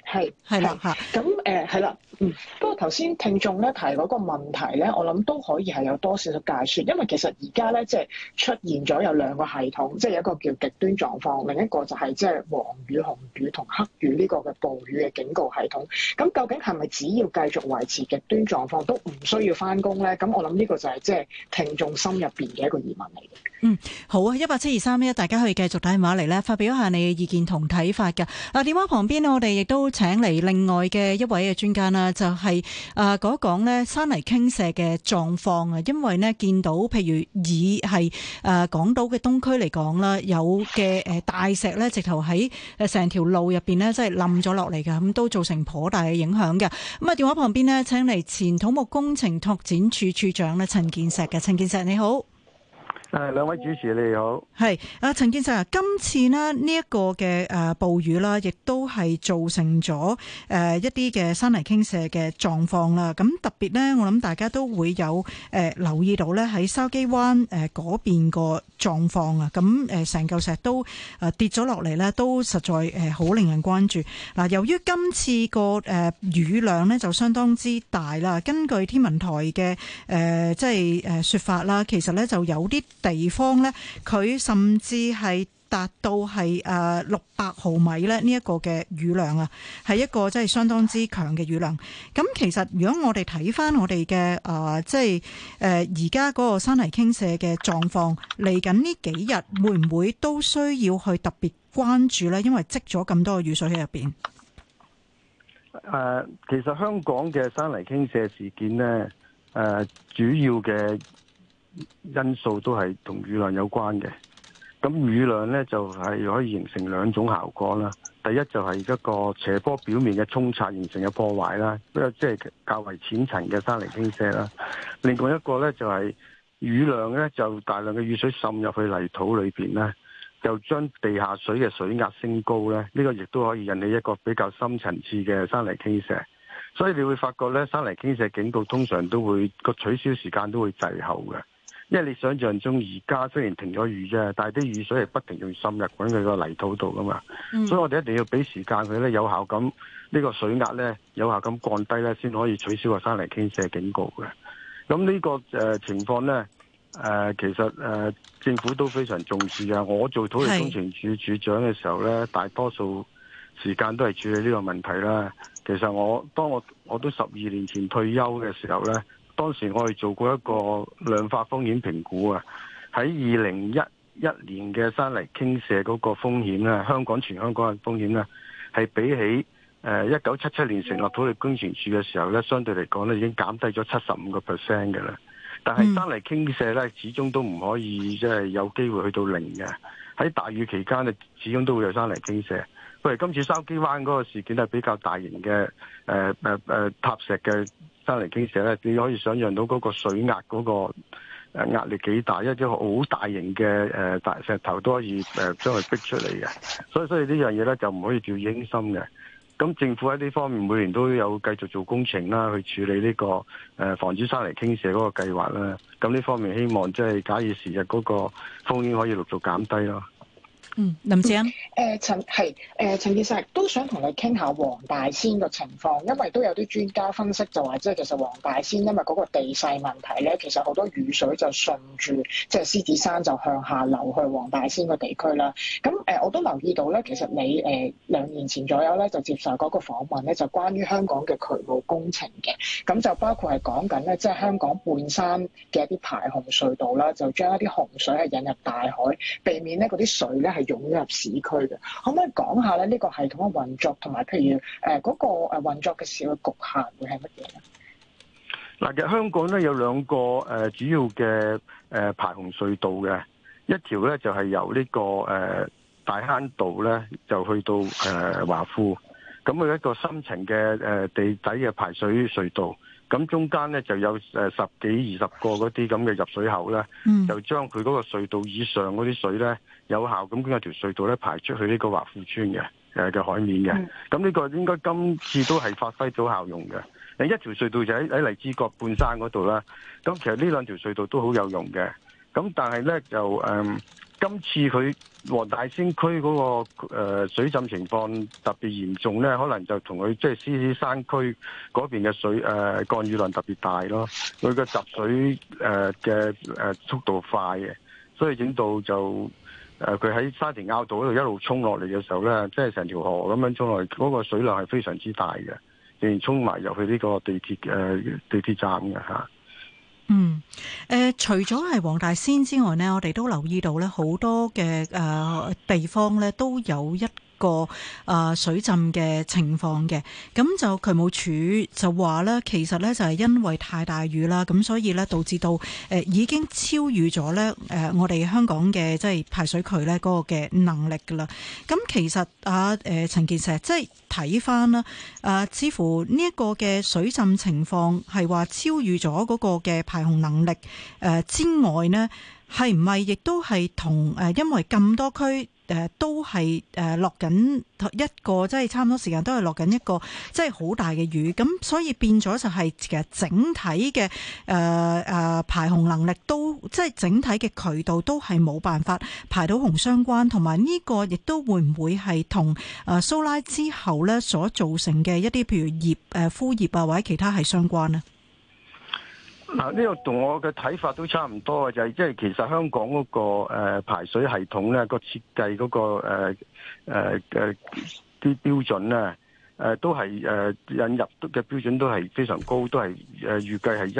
係係啦，嚇，咁誒，係啦。吧嗯，不過頭先聽眾咧提嗰個問題咧，我諗都可以係有多少少解説，因為其實而家咧即係出現咗有兩個系統，即係一個叫極端狀況，另一個就係即係黃雨、紅雨同黑雨呢個嘅暴雨嘅警告系統。咁究竟係咪只要繼續維持極端狀況都唔需要翻工咧？咁我諗呢個就係即係聽眾心入邊嘅一個疑問嚟嘅。嗯，好啊，一八七二三一，大家可以繼續打電話嚟咧，發表一下你嘅意見同睇法嘅。嗱，電話旁邊我哋亦都請嚟另外嘅一位嘅專家啦。就係誒講一講咧山泥傾瀉嘅狀況啊，因為呢見到譬如以係誒、呃、港島嘅東區嚟講啦，有嘅誒大石呢直頭喺誒成條路入邊呢，即係冧咗落嚟嘅，咁都造成頗大嘅影響嘅。咁啊，電話旁邊呢，請嚟前土木工程拓展處處長呢，陳健碩嘅，陳健碩你好。誒，兩位主持你好，係阿陳健碩啊！今次咧呢一個嘅誒暴雨啦，亦都係造成咗誒一啲嘅山泥傾瀉嘅狀況啦。咁特別咧，我諗大家都會有誒留意到咧喺筲箕灣誒嗰邊個狀況啊。咁誒成嚿石都誒跌咗落嚟咧，都實在誒好令人關注。嗱，由於今次個誒雨量咧就相當之大啦，根據天文台嘅誒即係誒說法啦，其實咧就有啲。地方呢，佢甚至係達到係誒六百毫米呢呢一個嘅雨量啊，係一個即係相當之強嘅雨量。咁其實如果我哋睇翻我哋嘅誒，即係誒而家嗰個山泥傾瀉嘅狀況，嚟緊呢幾日會唔會都需要去特別關注呢？因為積咗咁多嘅雨水喺入邊。誒，其實香港嘅山泥傾瀉事件呢，誒，呃，主要嘅。因素都係同雨量有關嘅，咁雨量呢，就係可以形成兩種效果啦。第一就係一個斜坡表面嘅沖刷形成嘅破壞啦，不過即係較為淺層嘅山泥傾瀉啦。另外一個呢，就係雨量呢，就大量嘅雨水滲入去泥土裏邊呢，就將地下水嘅水壓升高呢。呢個亦都可以引起一個比較深層次嘅山泥傾瀉。所以你會發覺呢，山泥傾瀉警告通常都會個取消時間都會滯後嘅。因為你想象中現而家雖然停咗雨啫，但係啲雨水係不停用滲入喺佢個泥土度噶嘛，嗯、所以我哋一定要俾時間佢咧，有效咁呢個水壓咧，有效咁降低咧，先可以取消個山泥傾瀉警告嘅。咁、這個呃、呢個誒情況咧，誒、呃、其實誒、呃、政府都非常重視啊。我做土力工程處處長嘅時候咧，大多數時間都係處理呢個問題啦。其實我當我我都十二年前退休嘅時候咧。當時我哋做過一個量化風險評估啊，喺二零一一年嘅山泥傾瀉嗰個風險咧、啊，香港全香港嘅風險咧、啊，係比起誒一九七七年成立土力工程處嘅時候咧，相對嚟講咧已經減低咗七十五個 percent 㗎喇。但係山泥傾瀉咧，始終都唔可以即係、就是、有機會去到零嘅。喺大雨期間咧，始終都會有山泥傾瀉。譬如今次筲箕灣嗰個事件係比較大型嘅誒誒誒塌石嘅。山泥傾瀉咧，你可以想像到嗰個水壓嗰個誒壓力幾大，因為啲好大型嘅誒大石頭都可以誒將佢逼出嚟嘅，所以所以呢樣嘢咧就唔可以叫輕心嘅。咁政府喺呢方面每年都有繼續做工程啦，去處理呢個誒防止山泥傾瀉嗰個計劃啦。咁呢方面希望即係假以時日嗰個風險可以陸續減低咯。嗯，林子欣，誒、嗯呃、陳係誒、呃、陳健碩都想同你傾下黃大仙個情況，因為都有啲專家分析就話，即係其實黃大仙因為嗰個地勢問題咧，其實好多雨水就順住即係獅子山就向下流去黃大仙嘅地區啦。咁誒、呃，我都留意到咧，其實你誒、呃、兩年前左右咧就接受嗰個訪問咧，就關於香港嘅渠務工程嘅，咁就包括係講緊咧，即、就、係、是、香港半山嘅一啲排洪隧道啦，就將一啲洪水係引入大海，避免咧嗰啲水咧係湧入市區嘅，可唔可以講下咧？呢個系統嘅運作同埋，譬如誒嗰個誒運作嘅時候嘅局限會係乜嘢咧？嗱，其實香港咧有兩個誒主要嘅誒排洪隧道嘅，一條咧就係由呢個誒大坑道咧就去到誒華富，咁佢一個深層嘅誒地底嘅排水隧道。咁中間咧就有誒十幾二十個嗰啲咁嘅入水口咧，嗯、就將佢嗰個隧道以上嗰啲水咧，有效咁經由條隧道咧排出去呢個華富村嘅誒嘅海面嘅。咁呢、嗯、個應該今次都係發揮咗效用嘅。另一條隧道就喺喺荔枝角半山嗰度啦。咁其實呢兩條隧道都好有用嘅。咁但係咧就誒。嗯今次佢黃大仙區嗰、那個、呃、水浸情況特別嚴重咧，可能就同佢即係獅子山區嗰邊嘅水誒、呃、降雨量特別大咯，佢個集水誒嘅、呃呃、速度快嘅，所以影到就誒佢喺沙田坳道嗰度一路沖落嚟嘅時候咧，即係成條河咁樣沖落嚟，嗰、那個水量係非常之大嘅，仍然沖埋入去呢個地鐵、呃、地鐵站嘅嚇。嗯，誒、呃，除咗係黃大仙之外咧，我哋都留意到咧，好多嘅誒地方咧都有一。個啊水浸嘅情況嘅，咁就渠務處就話咧，其實咧就係因為太大雨啦，咁所以咧導致到誒已經超越咗咧誒，我哋香港嘅即係排水渠咧嗰個嘅能力噶啦。咁其實啊誒陳健碩即係睇翻啦啊，似乎呢一個嘅水浸情況係話超越咗嗰個嘅排洪能力誒之外呢，係唔係亦都係同誒因為咁多區？誒都係誒落緊一個，即係差唔多時間都係落緊一個即係好大嘅雨，咁所以變咗就係其實整體嘅誒誒排洪能力都即係整體嘅渠道都係冇辦法排到洪相關，同埋呢個亦都會唔會係同誒蘇拉之後咧所造成嘅一啲譬如葉誒枯葉啊或者其他係相關呢？嗱，呢、啊這個同我嘅睇法都差唔多就係即係，其實香港嗰、那個誒、呃、排水系統咧，個設計嗰、那個誒誒誒啲標準咧，誒、呃、都係誒、呃、引入嘅標準都係非常高，都係誒預計係一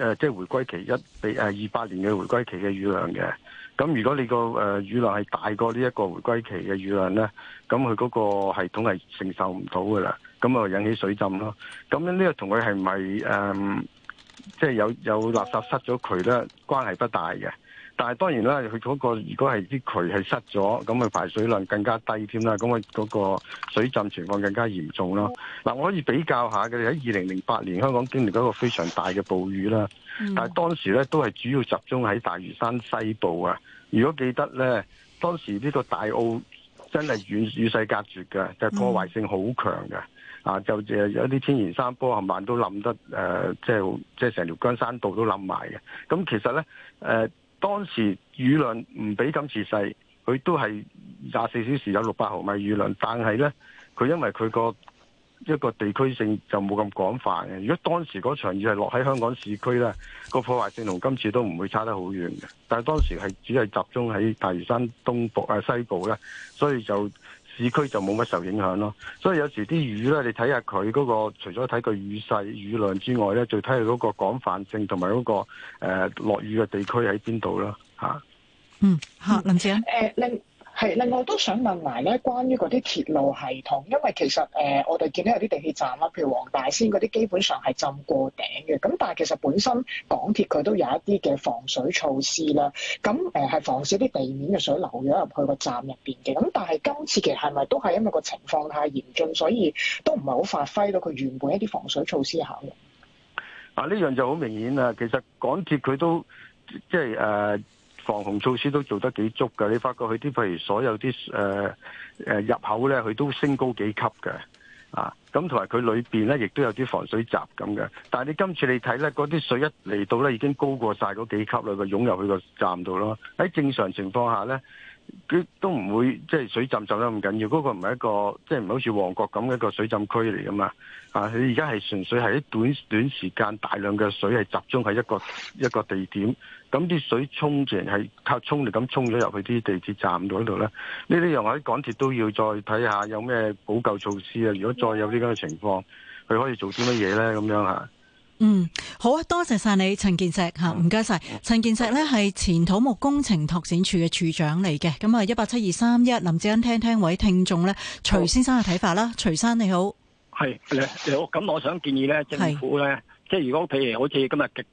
誒即係回歸期一比誒二百年嘅回歸期嘅雨量嘅。咁如果你個誒雨量係大過呢一個回歸期嘅雨量咧，咁佢嗰個系統係承受唔到噶啦，咁啊引起水浸咯。咁樣呢個同佢係咪誒？嗯即係有有垃圾塞咗渠咧，關係不大嘅。但係當然啦，佢嗰個如果係啲渠係塞咗，咁啊排水量更加低添啦，咁啊嗰個水浸情況更加嚴重咯。嗱、嗯，我可以比較下嘅，喺二零零八年香港經歷咗一個非常大嘅暴雨啦，但係當時咧都係主要集中喺大嶼山西部啊。如果記得咧，當時呢個大澳真係與與世隔絕嘅，就破壞性好強嘅。嗯啊，就誒有啲天然山坡，冚唪唥都冧得，誒即係即係成條羌山道都冧埋嘅。咁、嗯、其實咧，誒、呃、當時雨量唔比今次細，佢都係廿四小時有六百毫米雨量，但係咧佢因為佢個一個地區性就冇咁廣泛嘅。如果當時嗰場雨係落喺香港市區咧，個破壞性同今次都唔會差得好遠嘅。但係當時係只係集中喺大嶼山東部、啊、西部呢，所以就。市區就冇乜受影響咯，所以有時啲雨咧，你睇下佢嗰個，除咗睇佢雨勢、雨量之外咧，最睇佢嗰個廣泛性同埋嗰個呃、落雨嘅地區喺邊度啦，嚇、啊。嗯，嚇林姐，誒你係，另外我都想問埋咧，關於嗰啲鐵路系統，因為其實誒、呃，我哋見到有啲地鐵站啦，譬如黃大仙嗰啲，基本上係浸過頂嘅。咁但係其實本身港鐵佢都有一啲嘅防水措施啦。咁誒係防止啲地面嘅水流咗入去個站入邊嘅。咁但係今次其實係咪都係因為個情況太嚴峻，所以都唔係好發揮到佢原本一啲防水措施嘅效用？啊，呢樣就好明顯啦。其實港鐵佢都即係誒。呃防洪措施都做得幾足㗎，你發覺佢啲譬如所有啲誒、呃、入口咧，佢都升高幾級嘅啊！咁同埋佢裏邊咧，亦都有啲防水閘咁嘅。但係你今次你睇咧，嗰啲水一嚟到咧，已經高過晒嗰幾級啦，佢湧入去個站度咯。喺正常情況下咧，佢都唔會即係水浸浸得咁緊要。嗰個唔係一個即係唔好似旺角咁嘅一個水浸區嚟㗎嘛？啊，佢而家係純粹係喺短短時間大量嘅水係集中喺一個一個地點。咁啲水沖住係靠衝力咁沖咗入去啲地鐵站度呢度咧，呢啲又喺港鐵都要再睇下有咩補救措施啊！如果再有呢個情況，佢可以做啲乜嘢咧？咁樣嚇。嗯，好啊，多謝晒你，陳健碩嚇，唔該晒，陳健碩咧係前土木工程拓展處嘅處長嚟嘅。咁啊，一八七二三一，林志欣，聽聽位聽眾咧，徐先生嘅睇法啦。好徐先生你好，係，你好。咁我想建議咧，政府咧。即係如果譬如好似今日極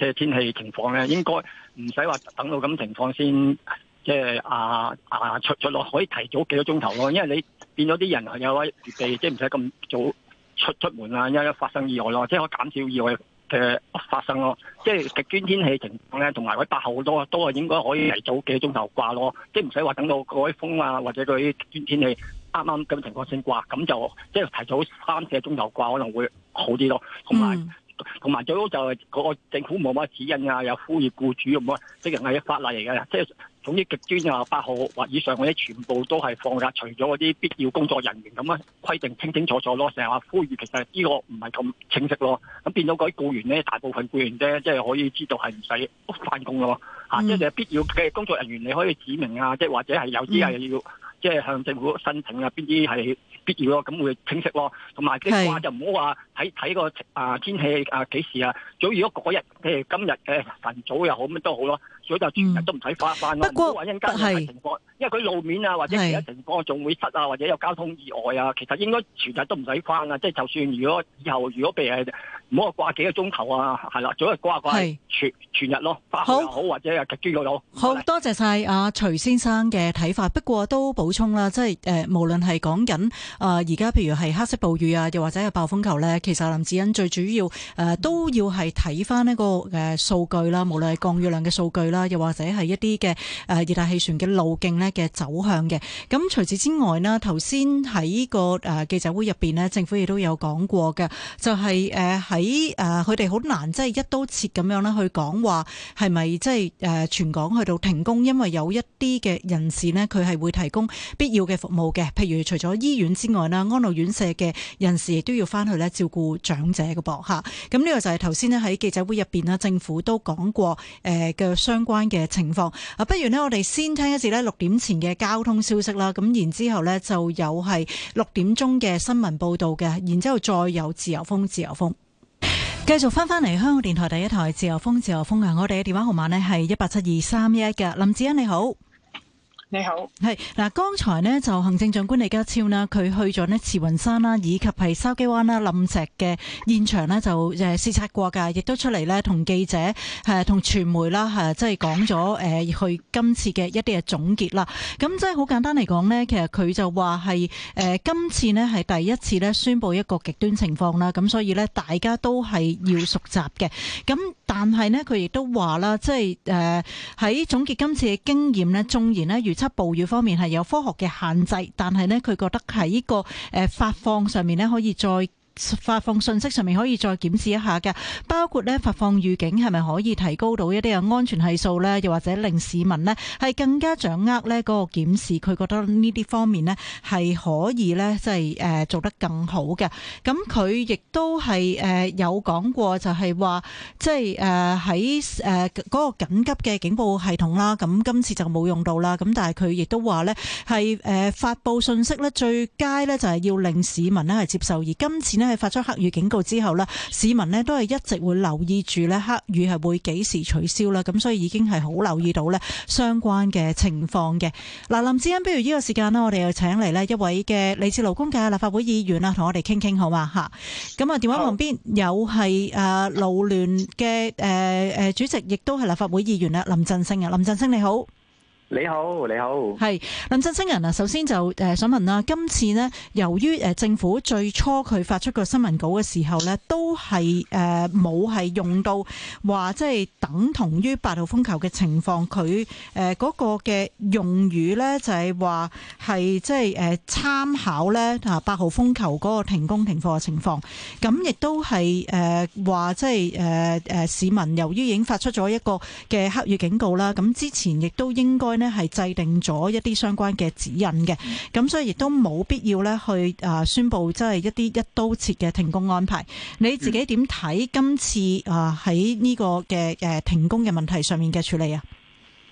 端嘅天氣情況咧，應該唔使話等到咁情況先，即係啊啊出出落可以提早幾個鐘頭咯。因為你變咗啲人有位地，即係唔使咁早出出門啊，因為一發生意外咯，即係可以減少意外嘅發生咯。即係極端天氣情況咧，同埋嗰啲八號多都係應該可以提早幾個鐘頭掛咯，即係唔使話等到嗰啲風啊或者嗰啲極端天氣啱啱咁情況先掛，咁就即係提早三四個鐘頭掛可能會好啲咯，同埋。嗯同埋最好就係個政府冇乜指引啊，有呼籲雇主咁啊，即係一法例嚟嘅，即係總之極端啊，八號或以上嗰啲全部都係放假，除咗嗰啲必要工作人員咁啊，規定清清楚楚咯。成日話呼籲，其實呢個唔係咁清晰咯。咁變到嗰啲雇員咧，大部分雇員啫，即係可以知道係唔使返工咯嚇，mm. 即係必要嘅工作人員你可以指明啊，即係或者係有啲係要即係、mm. 向政府申請啊，邊啲係。咯，咁會清晰咯，同埋即係話就唔好話睇睇個啊天氣啊幾時啊，最好如果嗰日。譬如今日嘅晨早又好，咁都好咯，所以就全日都唔使翻翻不過因應該通因為佢路面啊，或者其他情況仲會塞啊，是或者有交通意外啊，其實應該全日都唔使翻啊。即係就算如果以後,以後如果俾人唔好話掛幾個鐘頭啊，係啦，早日掛掛全全日咯，八號好,好或者日豬肉又好。好多謝晒阿徐先生嘅睇法。不過都補充啦，即係誒、呃，無論係講緊而家譬如係黑色暴雨啊，又或者係暴風球咧，其實林志恩最主要、呃、都要係睇翻呢個。嘅數據啦，無論係降雨量嘅數據啦，又或者係一啲嘅誒熱帶氣旋嘅路徑咧嘅走向嘅。咁除此之外咧，頭先喺個誒記者會入邊咧，政府亦都有講過嘅，就係誒喺誒佢哋好難即係一刀切咁樣咧去講話，係咪即係誒全港去到停工，因為有一啲嘅人士咧，佢係會提供必要嘅服務嘅。譬如除咗醫院之外啦，安老院舍嘅人士亦都要翻去咧照顧長者嘅噃嚇。咁呢個就係頭先咧喺記者會入邊，政府都講過誒嘅、呃、相關嘅情況啊，不如呢，我哋先聽一次咧六點前嘅交通消息啦，咁然之後咧就有係六點鐘嘅新聞報道嘅，然之後再有自由風自由風。繼續翻翻嚟，香港電台第一台自由風自由風啊！我哋嘅電話號碼呢係一八七二三一一嘅，林子欣你好。你好，係嗱，剛才呢，就行政長官李家超啦，佢去咗呢慈雲山啦，以及係筲箕灣啦、冧石嘅現場呢，就誒視察過㗎，亦都出嚟呢，同記者同傳媒啦吓，即係講咗誒佢今次嘅一啲嘅總結啦。咁即係好簡單嚟講呢，其實佢就話係誒今次呢，係第一次呢，宣布一個極端情況啦，咁所以呢，大家都係要熟習嘅，咁。但係咧，佢亦都話啦，即係誒喺總結今次嘅經驗咧，縱然咧預測暴雨方面係有科學嘅限制，但係咧佢覺得喺呢個誒、呃、發放上面咧可以再。發放信息上面可以再檢視一下嘅，包括呢發放預警係咪可以提高到一啲嘅安全係數呢？又或者令市民呢係更加掌握呢嗰個檢視，佢覺得呢啲方面呢係可以呢，即係誒做得更好嘅。咁佢亦都係誒、呃、有講過就是說，就係話即係誒喺誒嗰個緊急嘅警報系統啦。咁今次就冇用到啦。咁但係佢亦都話呢係誒、呃、發佈信息呢，最佳呢就係要令市民呢係接受而今次呢。喺發出黑雨警告之後呢，市民呢都係一直會留意住呢，黑雨係會幾時取消啦。咁所以已經係好留意到呢，相關嘅情況嘅。嗱，林志欣，不如呢個時間呢，我哋又請嚟呢一位嘅嚟自勞工界立法會議員啊，同我哋傾傾好嘛，吓。咁啊，電話旁邊有係啊勞聯嘅誒誒主席，亦都係立法會議員啦，林振昇啊，林振昇你好。你好，你好。係林振昇人啊，首先就誒想問啦，今次咧，由於誒政府最初佢發出個新聞稿嘅時候咧，都係誒冇係用到話即係等同於八號風球嘅情況，佢誒個嘅用語咧就係話係即係誒參考咧啊八號風球個停工停課嘅情況，咁亦都係誒話即係誒誒市民由於已經發出咗一個嘅黑雨警告啦，咁之前亦都應該。呢係制定咗一啲相關嘅指引嘅，咁所以亦都冇必要咧去誒宣布，即係一啲一刀切嘅停工安排。你自己點睇今次啊喺呢個嘅誒停工嘅問題上面嘅處理啊？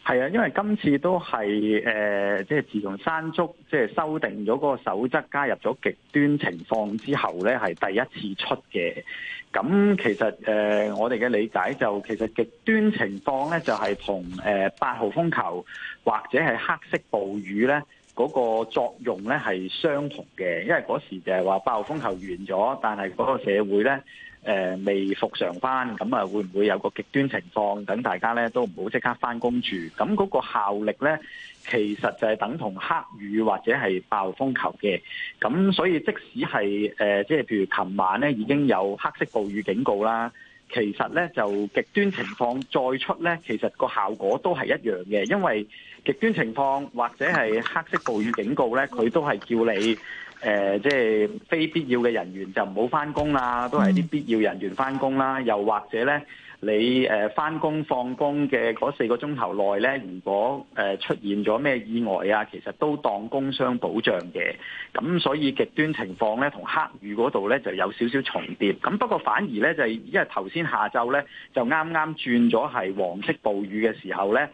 係啊，因為今次都係誒，即、呃、係、就是、自從山竹即係修訂咗個個守則，加入咗極端情況之後咧，係第一次出嘅。咁其實誒、呃，我哋嘅理解就其實極端情況咧，就係同誒八號風球或者係黑色暴雨咧嗰、那個作用咧係相同嘅，因為嗰時就係話八號風球完咗，但係嗰個社會咧。誒、呃、未復常翻，咁啊會唔會有個極端情況？等大家咧都唔好即刻返工住。咁嗰個效力咧，其實就係等同黑雨或者係暴風球嘅。咁所以即使係誒，即係譬如琴晚咧已經有黑色暴雨警告啦，其實咧就極端情況再出咧，其實個效果都係一樣嘅，因為極端情況或者係黑色暴雨警告咧，佢都係叫你。誒、呃，即係非必要嘅人員就唔好翻工啦，都係啲必要人員翻工啦。又或者咧，你誒翻工放工嘅嗰四個鐘頭內咧，如果誒、呃、出現咗咩意外啊，其實都當工傷保障嘅。咁所以極端情況咧，同黑雨嗰度咧就有少少重疊。咁不過反而咧，就係因為頭先下晝咧就啱啱轉咗係黃色暴雨嘅時候咧。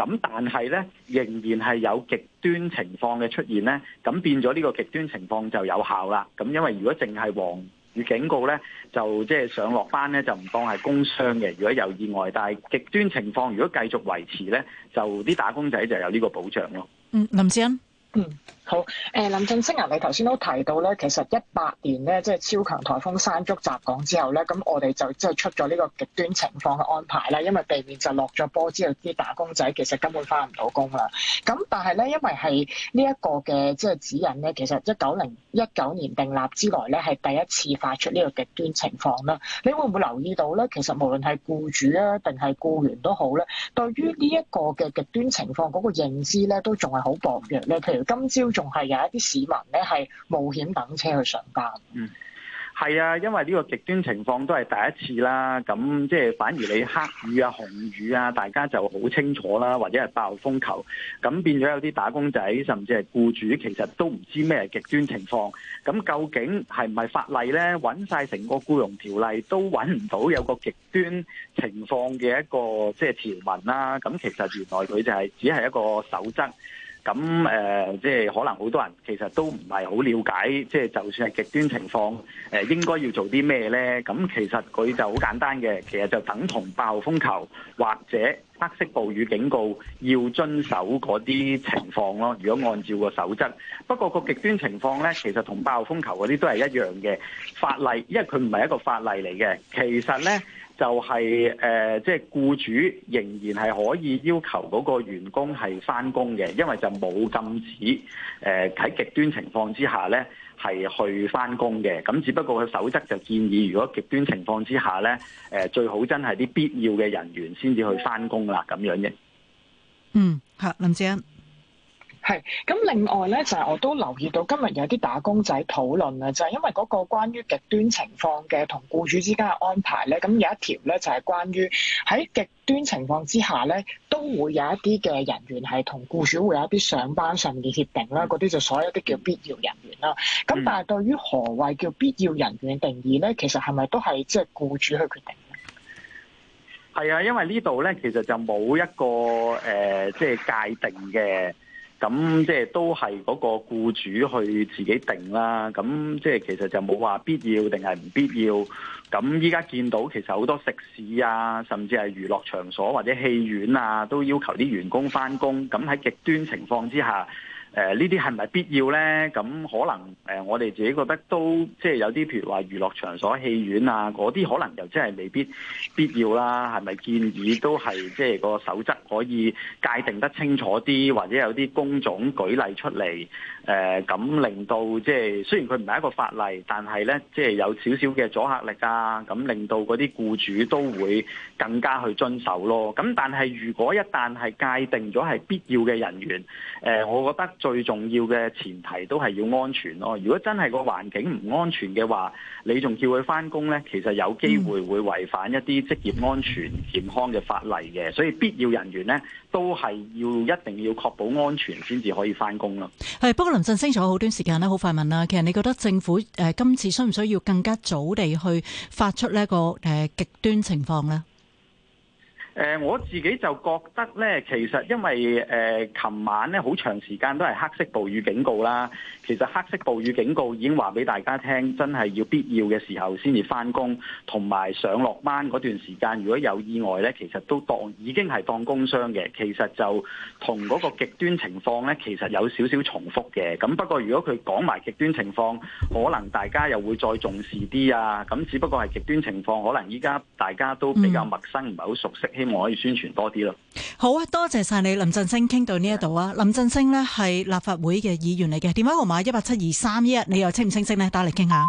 咁但係咧，仍然係有極端情況嘅出現咧，咁變咗呢個極端情況就有效啦。咁因為如果淨係黃雨警告咧，就即係、就是、上落班咧就唔當係工傷嘅。如果有意外，但係極端情況如果繼續維持咧，就啲打工仔就有呢個保障咯。嗯，林振昇，嗯。好，誒林振昇啊，你頭先都提到咧，其實一八年咧，即係超強颱風山竹襲港之後咧，咁我哋就即係出咗呢個極端情況嘅安排啦，因為地面就落咗波之後，啲打工仔其實根本返唔到工啦。咁但係咧，因為係呢一個嘅即係指引咧，其實一九零一九年訂立之內咧，係第一次發出呢個極端情況啦。你會唔會留意到咧？其實無論係僱主啊，定係僱員都好咧，對於呢一個嘅極端情況嗰個認知咧，都仲係好薄弱咧。譬如今朝早。仲係有一啲市民咧，係冒險等車去上班。嗯，係啊，因為呢個極端情況都係第一次啦。咁即係反而你黑雨啊、紅雨啊，大家就好清楚啦。或者係爆風球，咁變咗有啲打工仔甚至係僱主，其實都唔知咩係極端情況。咁究竟係唔係法例呢？揾晒成個僱傭條例都揾唔到有個極端情況嘅一個即係條文啦。咁其實原來佢就係、是、只係一個守則。咁誒、呃，即係可能好多人其實都唔係好了解，即係就算係極端情況，誒、呃，應該要做啲咩咧？咁其實佢就好簡單嘅，其實就等同暴風球或者黑色暴雨警告要遵守嗰啲情況咯。如果按照個守則，不過個極端情況咧，其實同暴風球嗰啲都係一樣嘅法例，因為佢唔係一個法例嚟嘅，其實咧。就係誒，即係僱主仍然係可以要求嗰個員工係返工嘅，因為就冇禁止誒喺極端情況之下咧係去返工嘅。咁只不過佢守則就建議，如果極端情況之下咧誒，最好真係啲必要嘅人員先至去返工啦，咁樣嘅。嗯，好，林振昇。係咁，另外咧就係、是、我都留意到今日有啲打工仔討論啊，就係、是、因為嗰個關於極端情況嘅同僱主之間嘅安排咧，咁有一條咧就係、是、關於喺極端情況之下咧，都會有一啲嘅人員係同僱主會有一啲上班上嘅協定啦，嗰啲就所有啲叫必要人員啦。咁但係對於何謂叫必要人員嘅定義咧，其實係咪都係即係僱主去決定咧？係啊，因為這裡呢度咧其實就冇一個誒即係界定嘅。咁即係都係嗰個僱主去自己定啦。咁即係其實就冇話必要定係唔必要。咁依家見到其實好多食肆啊，甚至係娛樂場所或者戲院啊，都要求啲員工返工。咁喺極端情況之下。誒呢啲係咪必要呢？咁可能誒、呃、我哋自己覺得都即係有啲譬如話娛樂場所戲院啊嗰啲可能又真係未必必要啦。係咪建議都係即係個守則可以界定得清楚啲，或者有啲工種舉例出嚟？誒咁、嗯、令到即係雖然佢唔係一個法例，但係咧即係有少少嘅阻吓力啊！咁令到嗰啲僱主都會更加去遵守咯。咁但係如果一旦係界定咗係必要嘅人員誒、呃，我覺得最重要嘅前提都係要安全咯。如果真係個環境唔安全嘅話，你仲叫佢翻工咧，其實有機會會違反一啲職業安全健康嘅法例嘅。所以必要人員咧，都係要一定要確保安全先至可以翻工咯。係。不過林振昇坐咗好短時間咧，好快問啦。其實你覺得政府誒今次需唔需要更加早地去發出呢一個誒極端情況咧？誒我自己就覺得咧，其實因為誒琴、呃、晚咧好長時間都係黑色暴雨警告啦。其實黑色暴雨警告已經話俾大家聽，真係要必要嘅時候先至翻工，同埋上落班嗰段時間如果有意外咧，其實都當已經係當工傷嘅。其實就同嗰個極端情況咧，其實有少少重複嘅。咁不過如果佢講埋極端情況，可能大家又會再重視啲啊。咁只不過係極端情況，可能依家大家都比較陌生，唔係好熟悉。希望我可以宣傳多啲咯。好啊，多謝晒你，林振昇傾到呢一度啊。林振昇咧係立法會嘅議員嚟嘅，電話號碼一八七二三一，1，你又清唔清晰呢？打嚟傾下。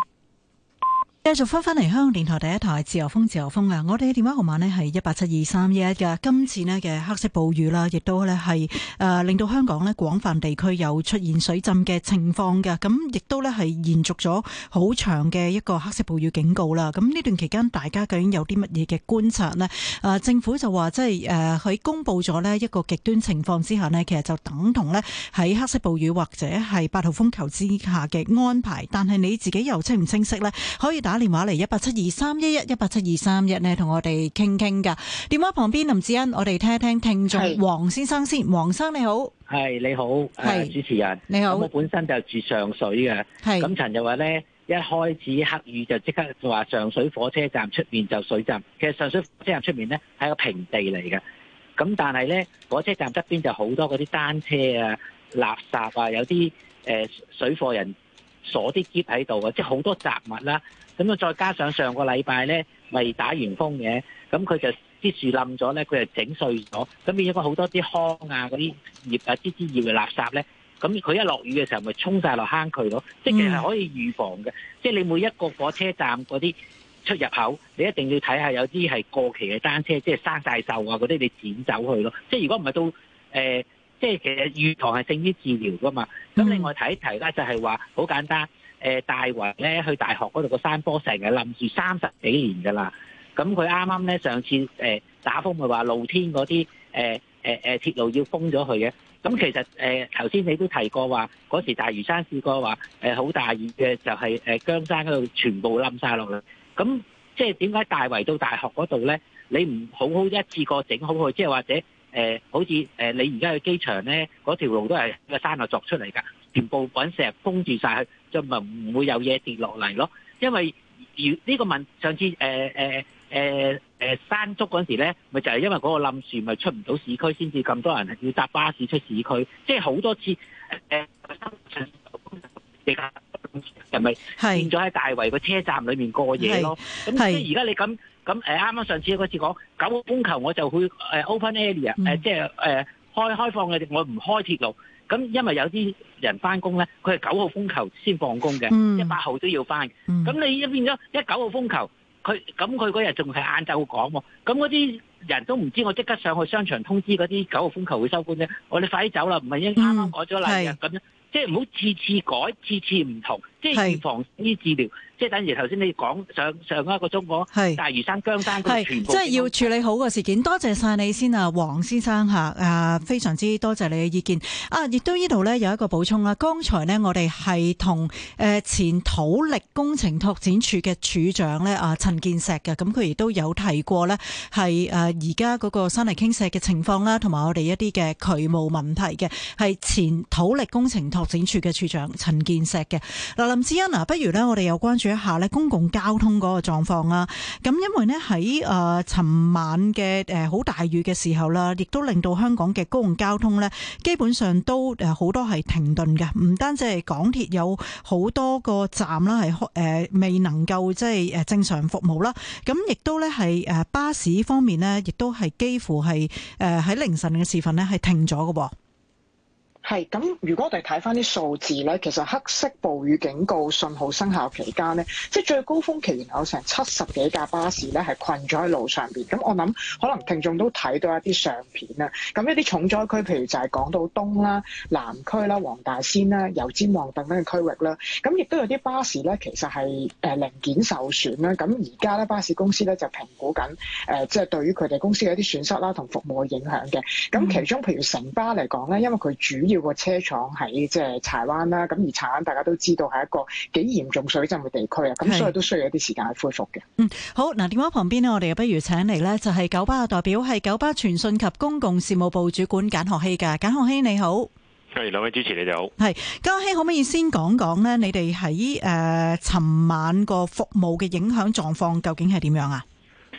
繼續翻翻嚟香港電台第一台《自由風》，自由風啊！我哋嘅電話號碼呢係一八七二三一一噶。今次呢嘅黑色暴雨啦，亦都呢係誒令到香港呢廣泛地區有出現水浸嘅情況嘅。咁亦都呢係延續咗好長嘅一個黑色暴雨警告啦。咁呢段期間，大家究竟有啲乜嘢嘅觀察呢？誒、啊，政府就話即係誒，佢、呃、公布咗呢一個極端情況之下呢，其實就等同呢喺黑色暴雨或者係八號風球之下嘅安排。但係你自己又清唔清晰呢？可以打電話嚟一八七二三一一一八七二三一咧，同我哋傾傾噶。電話旁邊林志恩，我哋聽一聽聽眾黃先生先。黃是生你好，係你好，係是、啊、主持人你好。我本身就住上水嘅，係咁陳就話咧，一開始黑雨就即刻話上水火車站出面就水浸。其實上水火車站出面咧係一個平地嚟嘅，咁但係咧火車站側邊就好多嗰啲單車啊、垃圾啊，有啲誒、呃、水貨人鎖啲篋喺度啊，即係好多雜物啦、啊。咁啊，再加上上個禮拜咧，咪打完風嘅，咁佢就啲樹冧咗咧，佢就整碎咗，咁變咗好多啲糠啊、嗰啲葉啊、啲枝葉嘅垃圾咧，咁佢一落雨嘅時候咪沖晒落坑渠咯，即係其實是可以預防嘅，嗯、即係你每一個火車站嗰啲出入口，你一定要睇下有啲係過期嘅單車，即係生晒銹啊嗰啲，你剪走去咯，即係如果唔係到誒、呃，即係其實預防係勝於治療噶嘛。咁另外提一提咧、就是，就係話好簡單。嗯誒，大圍咧去大學嗰度個山坡成日冧住三十幾年噶啦，咁佢啱啱咧上次誒、呃、打風咪話露天嗰啲誒誒誒鐵路要封咗佢嘅，咁其實誒頭先你都提過話嗰時大嶼山試過話誒好大雨嘅就係誒江山嗰度全部冧晒落嚟，咁即係點解大圍到大學嗰度咧，你唔好好一次過整好佢，即係或者誒、呃、好似誒你而家去機場咧嗰條路都係個山啊鑿出嚟噶，全部揾石封住晒。就咪唔會有嘢跌落嚟咯，因為如呢個問題上次誒誒誒誒山竹嗰陣時咧，咪就係、是、因為嗰個冧樹咪出唔到市區，先至咁多人要搭巴士出市區，即係好多次誒，又咪變咗喺大圍個車站裏面過夜咯。咁即係而家你咁咁誒，啱啱是上次嗰次講九個風球我就會誒 open area 誒、嗯，即係誒開開放嘅，我唔開鐵路。咁因為有啲人翻工咧，佢係九號風球先放工嘅，一八號都要翻。咁你一變咗一九號風球，佢咁佢嗰日仲係晏晝會講喎，咁嗰啲人都唔知我即刻上去商場通知嗰啲九號風球會收工啫。我哋快啲走啦，唔係應啱啱改咗嚟嘅，咁即係唔好次次改，次次唔同。即係防醫治療，是即係等於頭先你講上上一個鐘嗰個大嶼山、姜山嗰即係要處理好個事件。多謝晒你先啊，黃先生嚇啊，非常之多謝你嘅意見啊！亦都呢度咧有一個補充啦。剛才呢，我哋係同誒前土力工程拓展處嘅處長咧啊陳健碩嘅，咁佢亦都有提過咧，係誒而家嗰個山泥傾瀉嘅情況啦，同埋我哋一啲嘅渠務問題嘅，係前土力工程拓展處嘅處長陳健碩嘅。林志恩，啊、不如咧，我哋又關注一下咧公共交通嗰個狀況啊！咁因為呢喺誒尋晚嘅誒好大雨嘅時候啦，亦都令到香港嘅公共交通呢基本上都好多係停頓嘅，唔單止係港鐵有好多個站啦係未能夠即係正常服務啦，咁亦都呢係巴士方面呢，亦都係幾乎係誒喺凌晨嘅時分呢係停咗㗎喎。係，咁如果我哋睇翻啲數字咧，其實黑色暴雨警告信號生效期間咧，即係最高峰期，然有成七十幾架巴士咧係困咗喺路上邊。咁我諗可能聽眾都睇到一啲相片啦。咁一啲重災區，譬如就係講到東啦、南區啦、黃大仙啦、油尖旺等等嘅區域啦。咁亦都有啲巴士咧，其實係零件受損啦。咁而家咧巴士公司咧就評估緊誒，即係對於佢哋公司嘅一啲損失啦同服務嘅影響嘅。咁其中譬如城巴嚟講咧，因為佢主要個車廠喺即係柴灣啦，咁而柴灣大家都知道係一個幾嚴重水浸嘅地區啊，咁的所以都需要一啲時間去恢復嘅。嗯，好，嗱，電話旁邊呢，我哋又不如請嚟咧就係、是、九巴嘅代表，係九巴傳訊及公共事務部主管簡學悕㗎。簡學悕你好，係兩位主持你哋好，係簡學悕可唔可以先講講咧？你哋喺誒，尋晚個服務嘅影響狀況究竟係點樣啊？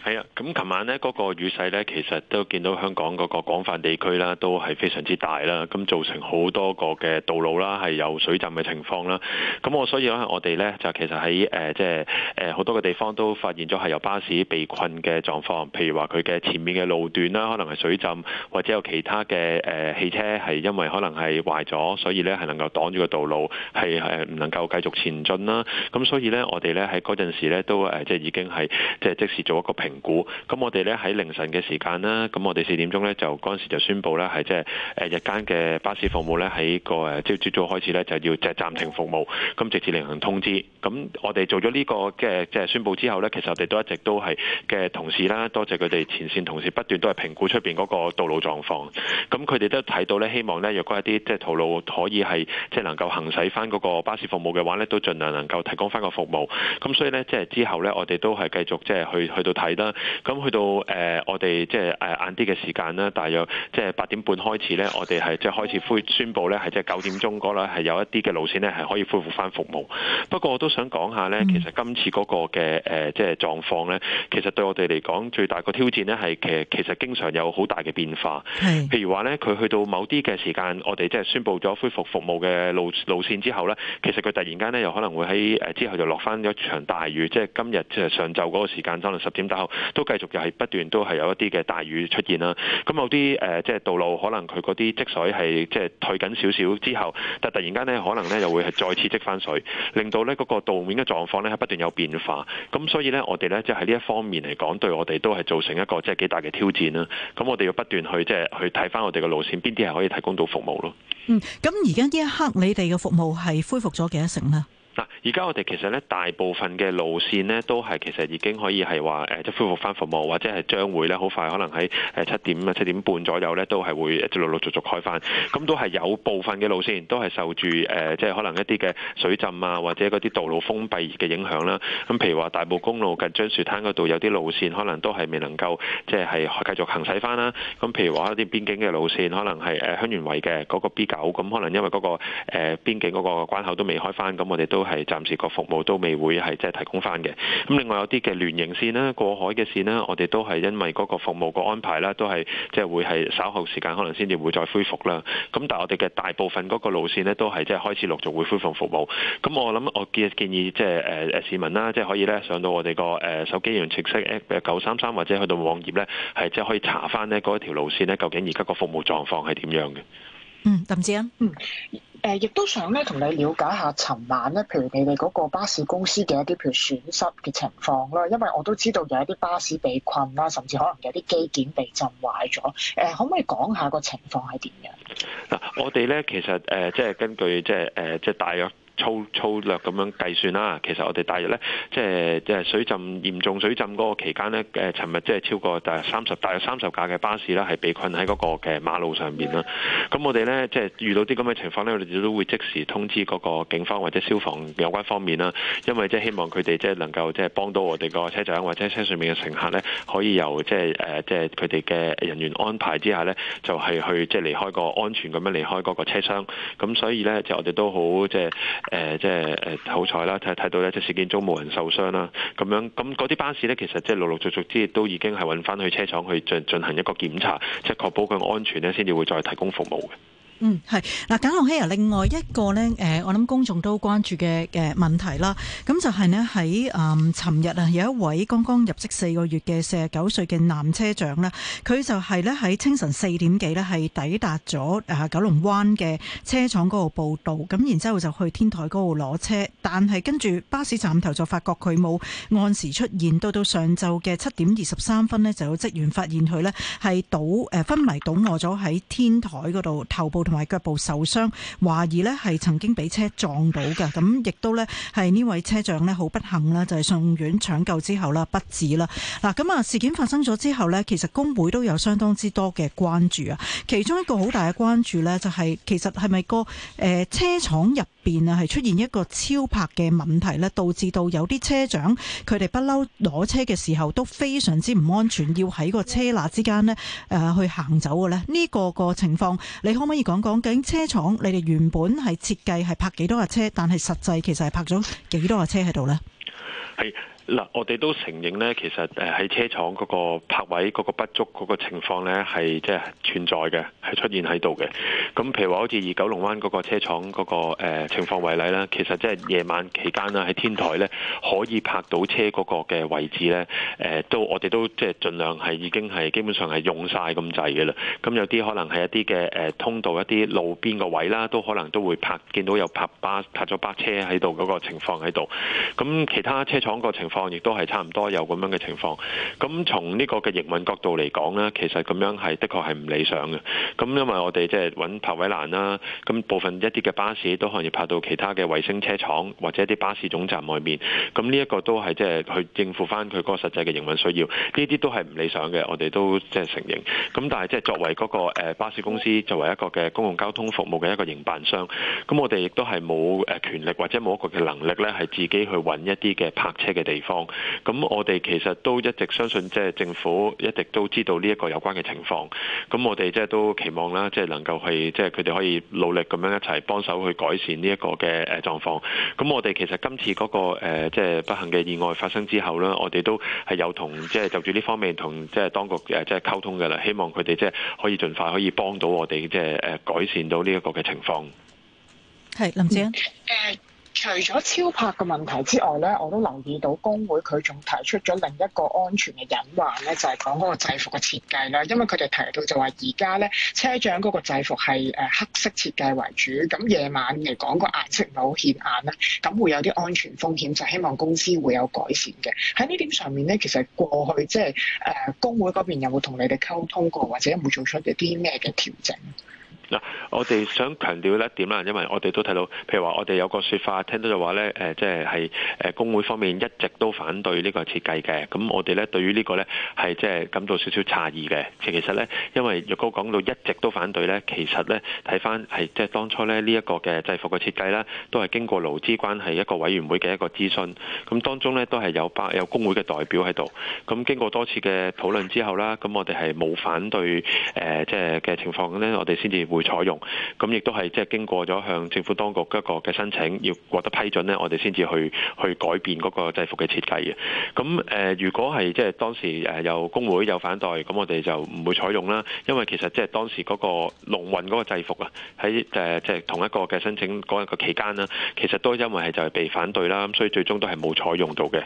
係啊，咁琴晚呢嗰個雨勢呢，其實都見到香港嗰個廣泛地區啦，都係非常之大啦。咁造成好多個嘅道路啦係有水浸嘅情況啦。咁我所以咧，我哋呢，就其實喺即係誒好多個地方都發現咗係有巴士被困嘅狀況。譬如話佢嘅前面嘅路段啦，可能係水浸，或者有其他嘅誒汽車係因為可能係壞咗，所以呢係能夠擋住個道路，係係唔能夠繼續前進啦。咁所以呢，我哋呢喺嗰陣時呢，都即係已經係即係即時做一個評評估，咁我哋咧喺凌晨嘅時間啦，咁我哋四點鐘咧就嗰陣時就宣布咧係即係誒日間嘅巴士服務咧喺個誒即朝早開始咧就要即係暫停服務，咁直至另行通知。咁我哋做咗呢個即係宣布之後咧，其實我哋都一直都係嘅同事啦，多謝佢哋前綫同事不斷都係評估出邊嗰個道路狀況。咁佢哋都睇到咧，希望咧若果一啲即係道路可以係即係能夠行駛翻嗰個巴士服務嘅話咧，都盡量能夠提供翻個服務。咁所以咧即係之後咧，我哋都係繼續即係去去到睇。咁去到誒、呃、我哋即係誒晏啲嘅時間啦，大約即係八點半開始咧，我哋係即係開始恢宣布咧，係即係九點鐘嗰啦，係有一啲嘅路線咧係可以恢復翻服務。不過我都想講下咧，其實今次嗰個嘅誒即係狀況咧，其實對我哋嚟講最大個挑戰咧係其實其實經常有好大嘅變化，譬如話咧佢去到某啲嘅時間，我哋即係宣布咗恢復服務嘅路路線之後咧，其實佢突然間咧又可能會喺誒之後就落翻咗場大雨，即係今日即係上晝嗰個時間可能十點打後都繼續又係不斷都係有一啲嘅大雨出現啦，咁有啲誒即係道路可能佢嗰啲積水係即係退緊少少之後，但突然間呢，可能呢又會係再次積翻水，令到呢嗰個路面嘅狀況呢係不斷有變化。咁所以呢，我哋呢，即係呢一方面嚟講，對我哋都係造成一個即係幾大嘅挑戰啦。咁我哋要不斷去即係、就是、去睇翻我哋嘅路線，邊啲係可以提供到服務咯。嗯，咁而家呢一刻你哋嘅服務係恢復咗幾多成呢？嗱，而家我哋其實咧，大部分嘅路線呢都係其實已經可以係話誒，即係恢復翻服務，或者係將會咧，好快可能喺誒七點啊、七點半左右咧，都係會陸陸續續開翻。咁都係有部分嘅路線都係受住誒，即係可能一啲嘅水浸啊，或者嗰啲道路封閉嘅影響啦。咁譬如話，大埔公路近樟樹灘嗰度有啲路線，可能都係未能夠即係繼續行駛翻啦。咁譬如話一啲邊境嘅路線，可能係誒香園圍嘅嗰個 B 九，咁可能因為嗰個誒邊境嗰個關口都未開翻，咁我哋都，都係暫時個服務都未會係即係提供翻嘅。咁另外有啲嘅聯營綫啦、過海嘅綫啦，我哋都係因為嗰個服務個安排啦，都係即係會係稍後時間可能先至會再恢復啦。咁但係我哋嘅大部分嗰個路綫呢，都係即係開始陸續會恢復服務。咁我諗我建建議即係誒誒市民啦，即係可以咧上到我哋個誒手機應用程式 app 九三三或者去到網頁咧，係即係可以查翻呢嗰一條路綫呢，究竟而家個服務狀況係點樣嘅。嗯，林子恩。誒，亦都想咧同你了解下，尋晚咧，譬如你哋嗰個巴士公司嘅一啲譬如損失嘅情況啦，因為我都知道有一啲巴士被困啦，甚至可能有啲機件被震壞咗。誒，可唔可以講下個情況係點樣？嗱，我哋咧其實誒，即係根據即係誒，即係大約。粗粗略咁樣計算啦，其實我哋大約呢，即係即係水浸嚴重水浸嗰個期間呢，誒，尋日即係超過大約三十大約三十架嘅巴士啦，係被困喺嗰個嘅馬路上面啦。咁我哋呢，即係遇到啲咁嘅情況呢，我哋都會即時通知嗰個警方或者消防有關方面啦，因為即係希望佢哋即係能夠即係幫到我哋個車長或者車上面嘅乘客呢，可以由即係誒即係佢哋嘅人員安排之下呢，就係去即係離開個安全咁樣離開嗰個車廂。咁所以呢，就我哋都好即係。就係誒、呃、即係誒好彩啦，睇、呃、睇到咧即係事件中冇人受傷啦，咁樣咁嗰啲巴士咧，其實即係陸陸續續之都已經係搵翻去車廠去進進行一個檢查，即係確保佢安全咧，先至會再提供服務嘅。嗯，係嗱，簡學悕啊，另外一個咧，誒，我諗公眾都關注嘅誒問題啦。咁就係咧喺誒，尋日啊，有一位剛剛入職四個月嘅四十九歲嘅男車長啦，佢就係咧喺清晨四點幾咧，係抵達咗誒九龍灣嘅車廠嗰度報到，咁然之後就去天台嗰度攞車，但係跟住巴士站頭就發覺佢冇按時出現，到到上晝嘅七點二十三分咧，就有職員發現佢咧係倒誒、啊、昏迷倒卧咗喺天台嗰度，頭部同。同埋腳部受傷，懷疑呢係曾經俾車撞到嘅，咁亦都呢係呢位車長呢好不幸啦，就係、是、送院搶救之後啦，不治啦。嗱，咁啊事件發生咗之後呢，其實工會都有相當之多嘅關注啊。其中一個好大嘅關注呢、就是，就係其實係咪個誒車廠入面啊，係出現一個超泊嘅問題呢，導致到有啲車長佢哋不嬲攞車嘅時候都非常之唔安全，要喺個車罅之間呢去行走嘅呢呢個個情況，你可唔可以講？講緊車廠，你哋原本係設計係泊幾多架車，但係實際其實係泊咗幾多架車喺度呢？嗱，我哋都承認咧，其實誒喺車廠嗰個泊位嗰個不足嗰個情況咧，係即係存在嘅，係出現喺度嘅。咁譬如話好似以九龍灣嗰個車廠嗰、嗰個誒、呃、情況為例啦，其實即係夜晚期間啦，喺天台咧可以泊到車嗰個嘅位置咧，誒、呃、都我哋都即係盡量係已經係基本上係用晒咁滯嘅啦。咁有啲可能係一啲嘅誒通道一啲路邊個位啦，都可能都會泊見到有泊巴泊咗巴車喺度、嗰個情況喺度。咁其他車廠個情況。況亦都係差唔多有咁樣嘅情況。咁從呢個嘅營運角度嚟講呢，其實咁樣係的確係唔理想嘅。咁因為我哋即係揾泊位難啦。咁部分一啲嘅巴士都可以要泊到其他嘅衛星車廠或者一啲巴士總站外面。咁呢一個都係即係去應付翻佢個實際嘅營運需要。呢啲都係唔理想嘅，我哋都即係承認。咁但係即係作為嗰個巴士公司作為一個嘅公共交通服務嘅一個營辦商，咁我哋亦都係冇誒權力或者冇一個嘅能力呢係自己去揾一啲嘅泊車嘅地方咁，我哋其實都一直相信，即係政府一直都知道呢一個有關嘅情況。咁我哋即係都期望啦，即係能夠係，即係佢哋可以努力咁樣一齊幫手去改善呢一個嘅誒狀況。咁我哋其實今次嗰個誒，即係不幸嘅意外發生之後咧，我哋都係有同即係就住呢方面同即係當局誒即係溝通嘅啦。希望佢哋即係可以盡快可以幫到我哋，即係誒改善到呢一個嘅情況。係林子恩。嗯除咗超拍嘅問題之外咧，我都留意到工會佢仲提出咗另一個安全嘅隱患咧，就係講嗰個制服嘅設計咧。因為佢哋提到就話而家咧車長嗰個制服係誒黑色設計為主，咁夜晚嚟講個顏色唔係好顯眼咧，咁會有啲安全風險，就係希望公司會有改善嘅。喺呢點上面咧，其實過去即係誒工會嗰邊有冇同你哋溝通過，或者有冇做出一啲咩嘅調整？嗱，我哋想強調一點啦，因為我哋都睇到，譬如話我哋有個說法，聽到就話咧，誒，即係係誒工會方面一直都反對呢個設計嘅。咁我哋咧對於呢個咧係即係感到少少詫異嘅。其實咧，因為若果講到一直都反對咧，其實咧睇翻係即係當初咧呢一個嘅制服嘅設計啦，都係經過勞資關係一個委員會嘅一個諮詢。咁當中咧都係有白有工會嘅代表喺度。咁經過多次嘅討論之後啦，咁我哋係冇反對誒即係嘅情況咧，我哋先至會採用，咁亦都係即係經過咗向政府當局一個嘅申請，要獲得批准呢，我哋先至去去改變嗰個制服嘅設計嘅。咁誒，如果係即係當時誒有工會有反對，咁我哋就唔會採用啦，因為其實即係當時嗰個龍運嗰個制服啊，喺誒，即係同一個嘅申請嗰一個期間啦，其實都因為係就係被反對啦，咁所以最終都係冇採用到嘅。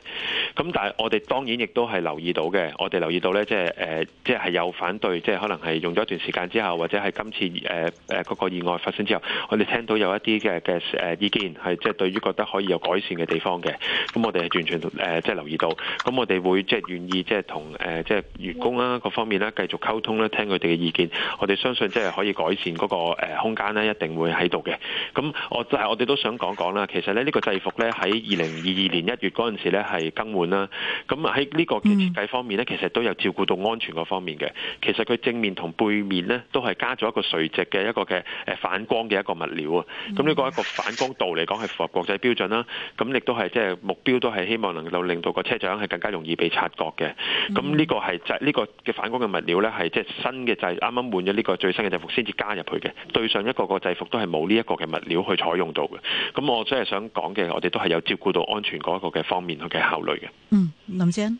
咁但係我哋當然亦都係留意到嘅，我哋留意到呢，即係誒即係有反對，即係可能係用咗一段時間之後，或者係今次誒誒，嗰個意外發生之後，我哋聽到有一啲嘅嘅誒意見，係即係對於覺得可以有改善嘅地方嘅，咁我哋係完全誒即係留意到，咁我哋會即係願意即係同誒即係員工啊各方面咧繼續溝通咧，聽佢哋嘅意見，我哋相信即係可以改善嗰個空間咧，一定會喺度嘅。咁我就係我哋都想講講咧，其實咧呢個制服咧喺二零二二年一月嗰陣時咧係更換啦，咁喺呢個嘅設計方面咧，其實都有照顧到安全嗰方面嘅。其實佢正面同背面咧都係加咗一個垂直嘅一個嘅誒反光嘅一個物料啊，咁呢個一個反光度嚟講係符合國際標準啦，咁亦都係即係目標都係希望能夠令到個車長係更加容易被察覺嘅，咁呢個係製呢個嘅反光嘅物料咧係即係新嘅就啱啱換咗呢個最新嘅制服先至加入去嘅，對上一個個制服都係冇呢一個嘅物料去採用到嘅，咁我真係想講嘅，我哋都係有照顧到安全嗰一個嘅方面去嘅考慮嘅。嗯，林生。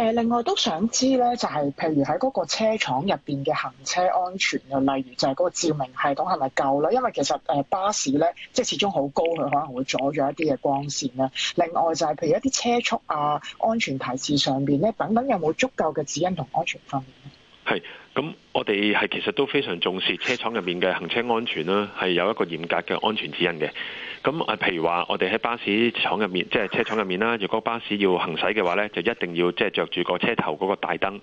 誒，另外都想知咧，就係、是、譬如喺嗰個車廠入邊嘅行車安全，又例如就係嗰個照明系統係咪夠咧？因為其實誒巴士咧，即係始終好高，佢可能會阻咗一啲嘅光線啦。另外就係譬如一啲車速啊、安全提示上邊咧等等，有冇足夠嘅指引同安全方面咧？係。咁我哋係其實都非常重視車廠入面嘅行車安全啦，啊，係有一個嚴格嘅安全指引嘅。咁啊，譬如話我哋喺巴士廠入面，即係車廠入面啦，如果巴士要行駛嘅話呢，就一定要即係着住個車頭嗰個大燈。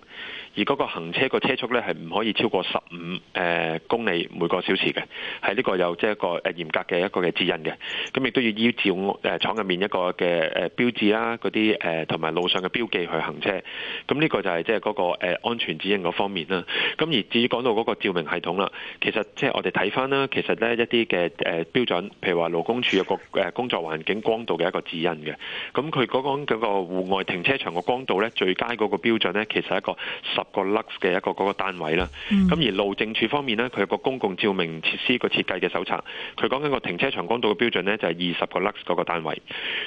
而嗰個行車個車速咧係唔可以超過十五誒公里每個小時嘅，係呢個有即係一個誒嚴格嘅一個嘅指引嘅。咁亦都要依照誒廠入面一個嘅誒標誌啦，嗰啲誒同埋路上嘅標記去行車。咁呢個就係即係嗰個安全指引嗰方面啦。咁而至於講到嗰個照明系統啦，其實即係我哋睇返啦，其實咧一啲嘅誒標準，譬如話勞工處有個誒工作環境光度嘅一個指引嘅。咁佢講講嗰個戶外停車場個光度咧，最佳嗰個標準咧，其實係一個十個 lux 嘅一個嗰個單位啦，咁而路政處方面呢，佢有個公共照明設施個設計嘅手冊，佢講緊個停車場光度嘅標準呢，就係二十個 lux 嗰個單位。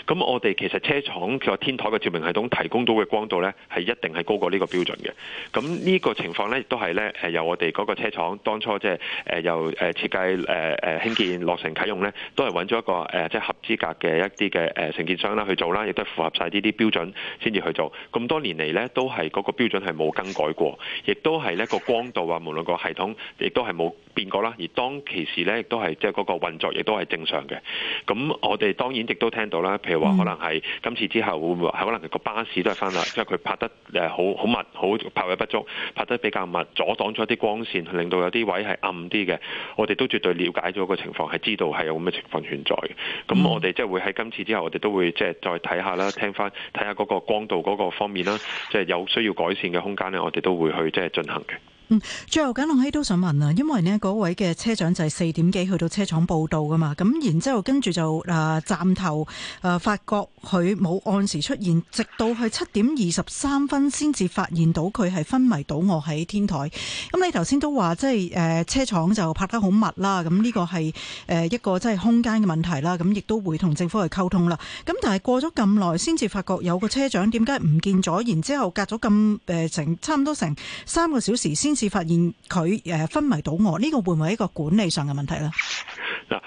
咁我哋其實車廠嘅天台嘅照明系統提供到嘅光度呢，係一定係高過呢個標準嘅。咁呢個情況呢，亦都係呢，由我哋嗰個車廠當初即係由誒設計興建落成啟用呢，都係揾咗一個、呃、即係合資格嘅一啲嘅承建商啦去做啦，亦都係符合晒呢啲標準先至去做。咁多年嚟呢，都係嗰個標準係冇更改。過，亦都係呢個光度啊，無論個系統亦都係冇變過啦。而當其時呢，亦都係即係嗰個運作亦都係正常嘅。咁我哋當然亦都聽到啦，譬如話可能係今次之後會唔會可能個巴士都係翻啦，即係佢拍得好好密，好拍位不足，拍得比較密，阻擋咗啲光線，令到有啲位係暗啲嘅。我哋都絕對了解咗個情況，係知道係有咁嘅情況存在嘅。咁我哋即係會喺今次之後，我哋都會即係再睇下啦，聽翻睇下嗰個光度嗰個方面啦，即係有需要改善嘅空間呢，我哋。都會去即係進行嘅。嗯，最後簡學悕都想問啊，因為咧嗰位嘅車長就係四點幾去到車廠報到噶嘛，咁然之後跟住就誒、啊、站頭誒、啊、發覺佢冇按時出現，直到去七點二十三分先至發現到佢係昏迷倒卧喺天台。咁你頭先都話即係誒車廠就拍得好密啦，咁呢個係誒一個即係空間嘅問題啦，咁亦都會同政府去溝通啦。咁但係過咗咁耐先至發覺有個車長點解唔見咗，然之後隔咗咁誒成差唔多成三個小時先。是發現佢誒昏迷到我，呢個會唔會係一個管理上嘅問題咧？嗱，